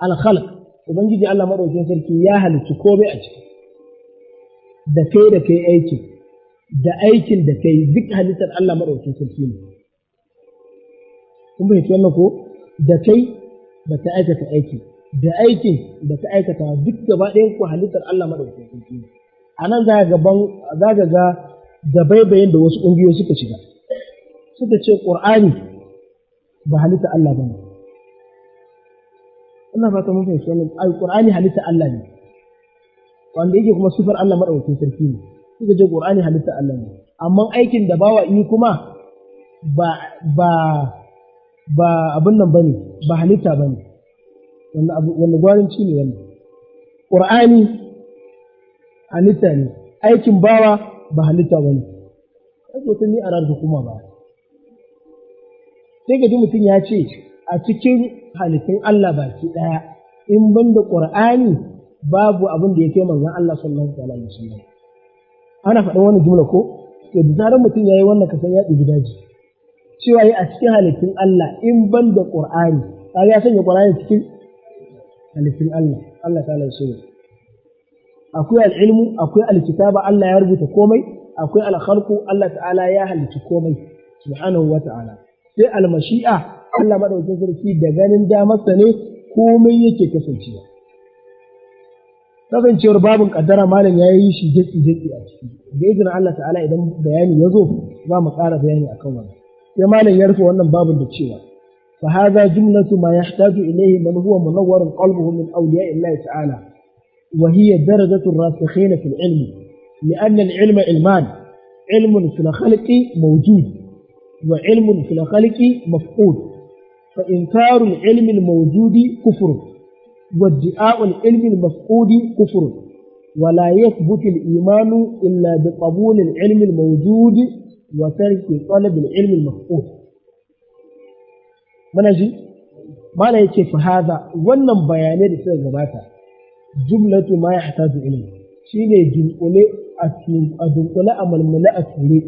al-khalq ubangiji Allah madaukakin sarki ya halicci komai a ciki da kai da kai aiki da aikin da kai duk halittar Allah madaukakin sarki ne kun bai wannan ko da kai da ta aikata aiki da aikin da ta aikata duk gaba ɗayan ku halittar Allah madaukakin sarki ne a nan za ga ga da baibayin da wasu ƙungiyoyi suka shiga suka ce ƙur'ani ba halitta Allah ba ne ina fata mun fahimci wannan alqur'ani halitta Allah ne wanda yake kuma sufar Allah madaukakin sarki ne kuka je qur'ani halitta Allah ne amma aikin da bawa yi kuma ba ba ba abin nan bane ba halitta bane wannan abu wannan ci ne wannan qur'ani halitta ne aikin bawa ba halitta bane kai ko ni a ranar kuma ba sai ga mutum ya ce a cikin halittun Allah baki ɗaya in ban da ƙur'ani babu abin da ya ke manzan Allah sallallahu alaihi wasallam ana faɗin wani jumla ko ke da zarar mutum yayi wannan kasan ya ɗigi daji cewa yi a cikin halittun Allah in ban da ƙur'ani kaga ya sanya ƙur'ani cikin halittun Allah Allah ta'ala ya shirya akwai al'ilmu akwai alkitaba Allah ya rubuta komai akwai alkhalqu Allah ta'ala ya halicci komai subhanahu wa ta'ala sai almashi'a Allah madaukakin sarki da ganin damarsa ne komai yake kasancewa kasancewar babin kaddara malam ya yi shi jiki jiki a ciki da izin Allah ta'ala idan bayani ya zo za mu ƙara bayani akan wannan sai malam ya rufe wannan babin da cewa fa hadha jumlatu ma yahtaju ilayhi man huwa munawwarun qalbuhu min awliya Allah ta'ala wa hiya darajatu rasikhina fil ilmi لأن العلم علمان علم في الخلق موجود وعلم في الخلق مفقود فإنكار العلم الموجود كفر وادعاء العلم المفقود كفر ولا يثبت الإيمان إلا بقبول العلم الموجود وترك طلب العلم المفقود من أجل ما لا يكفي هذا ونم بيانات السنة جملة ما يحتاج إليه shi ne dunkule a dunkule a malmule a ture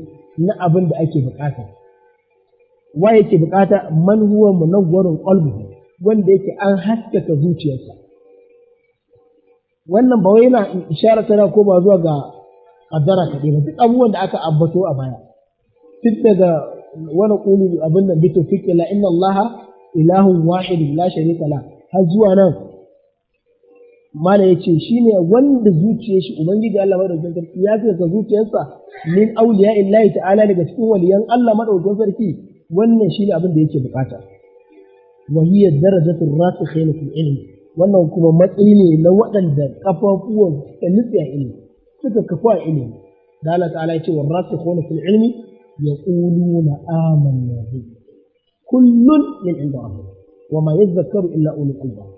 na abin da ake bukata wa yake bukata man huwa munawwarun qalbuhu wanda yake an haskaka zuciyarsa wannan ba wai na isharar tana ko ba zuwa ga kaddara kaɗai ba duk abubuwan da aka ambato a baya duk daga wani ƙulu abin da bito fiƙe la inna allaha ilahun wahid la sharika la har zuwa nan mana yace shine wanda zuciyar shi ubangiji Allah madaukakin sarki ya saka zuciyarsa min awliya illahi ta'ala daga cikin waliyan Allah madaukakin sarki wannan shi ne abin da yake bukata wahiyya darajatul rasikhin fil ilmi wannan kuma matsayi ne na waɗanda kafafuwan suka nutse a ilmi suka kafu a ilmi da Allah ta'ala yace war rasikhuna fil ilmi yaquluna amanna bi kullun min inda rabbih wa ma yadhakkaru illa ulul albab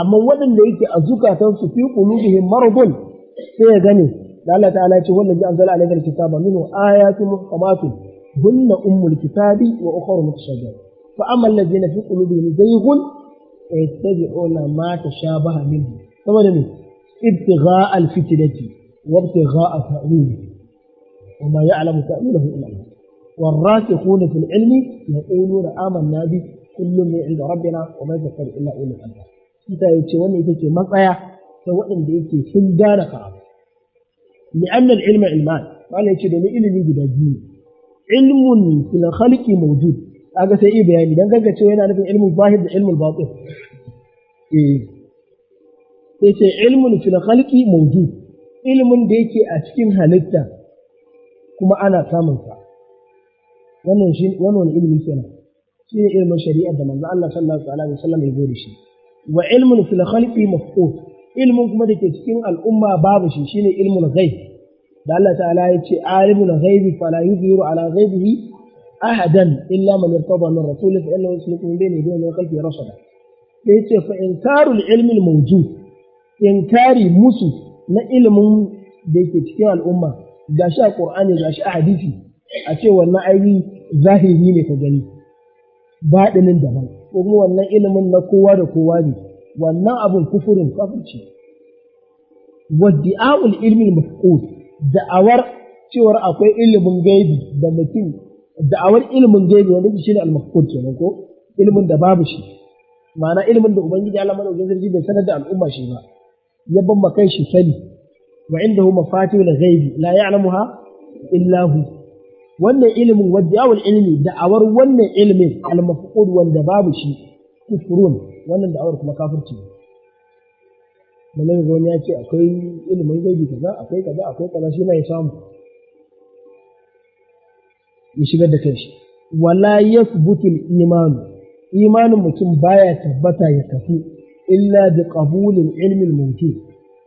amma waɗanda yake a zukatansu fi qulubihim maradun sai ya gane da Allah ta'ala yace wallazi anzala alayka alkitaba minhu ayatun muhkamatun هن أم الكتاب وأخر متشابهات فأما الذين في قلوبهم زيغ يتبعون ما تشابه منه كما ابتغاء الفتنة وابتغاء تأويله وما يعلم تأويله إلا الله والراسخون في العلم يقولون آمنا به كل من عند ربنا وما يذكر إلا أولى الألباب إذا يتشوني تتشو مصايا سواء بيتي سندان فعلا لأن العلم علمان قال يتشو دمي إلي نجد دينه ilmun fil khalqi mawjud kaga sai iya bayani dan kaga cewa yana nufin ilmun zahir da ilmun batin eh sai ce ilmun fil khalqi mawjud ilmun da yake a cikin halitta kuma ana samun sa wannan shi wannan ilmi kenan shi ne ilmin shari'a da manzo Allah sallallahu alaihi wasallam ya gode shi wa ilmun fil khalqi mafqud ilmun kuma da ke cikin al'umma babu shi shine ilmun ghaib da Allah ta'ala ya ce alimul ghaibi fala yuzhiru ala ghaibihi ahadan illa man irtada min rasul fa innahu yusliku min bayni yadayhi wa khalfihi rasula sai ce fa inkarul ilmi mawjud inkari musu na ilimin da yake cikin al'umma gashi a qur'ani gashi a hadisi a ce wannan aini zahiri ne ka gani baɗinin daban ko kuma wannan ilimin na kowa da kowa ne wannan abin kufurin kafirci waddi'a'ul ilmi mafqud da'awar cewar akwai ilimin gaibi da mutum da'awar ilimin gaibi wanda shi ne al-mahfud kenan ko ilimin da babu shi ma'ana ilimin da ubangiji Allah madaukakin sarki bai sanar da al'umma shi ba ya ban ma shi sani wa indahu mafatihul ghaibi la ya'lamuha illa hu wannan ilimin wada'awul ilmi da'awar wannan ilimin al-mahfud wanda babu shi kufrun wannan da'awar kuma kafirci ne malamin wani ya ce akwai ilimin gaibi kaza akwai kaza akwai kaza shi ma ya samu ya shigar da kanshi wala yathbutu al-iman imanin mutum baya tabbata ya tafi illa bi qabulil ilmi al-mawjud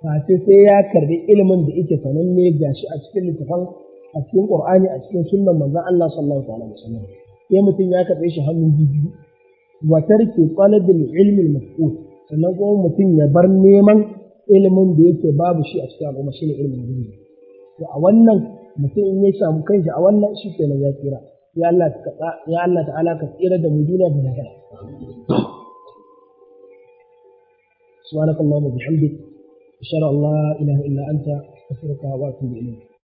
fa sai ya karbi ilimin da yake sananne gashi a cikin littafin a cikin Qur'ani a cikin sunnan manzon Allah sallallahu alaihi wasallam sai mutum ya karbe shi hannun biyu wa tarki talabil ilmi al-mafqud sannan kuma mutum ya bar neman ilimin da yake babu shi a cikin al'umma shine ilimin gurbi to a wannan mutum in ya samu kanshi a wannan shi kenan ya tsira ya Allah ta ya Allah ta'ala ka tsira da mu duniya da lahira subhanakallahumma bihamdik ashhadu an la ilaha illa anta astaghfiruka wa atubu ilayk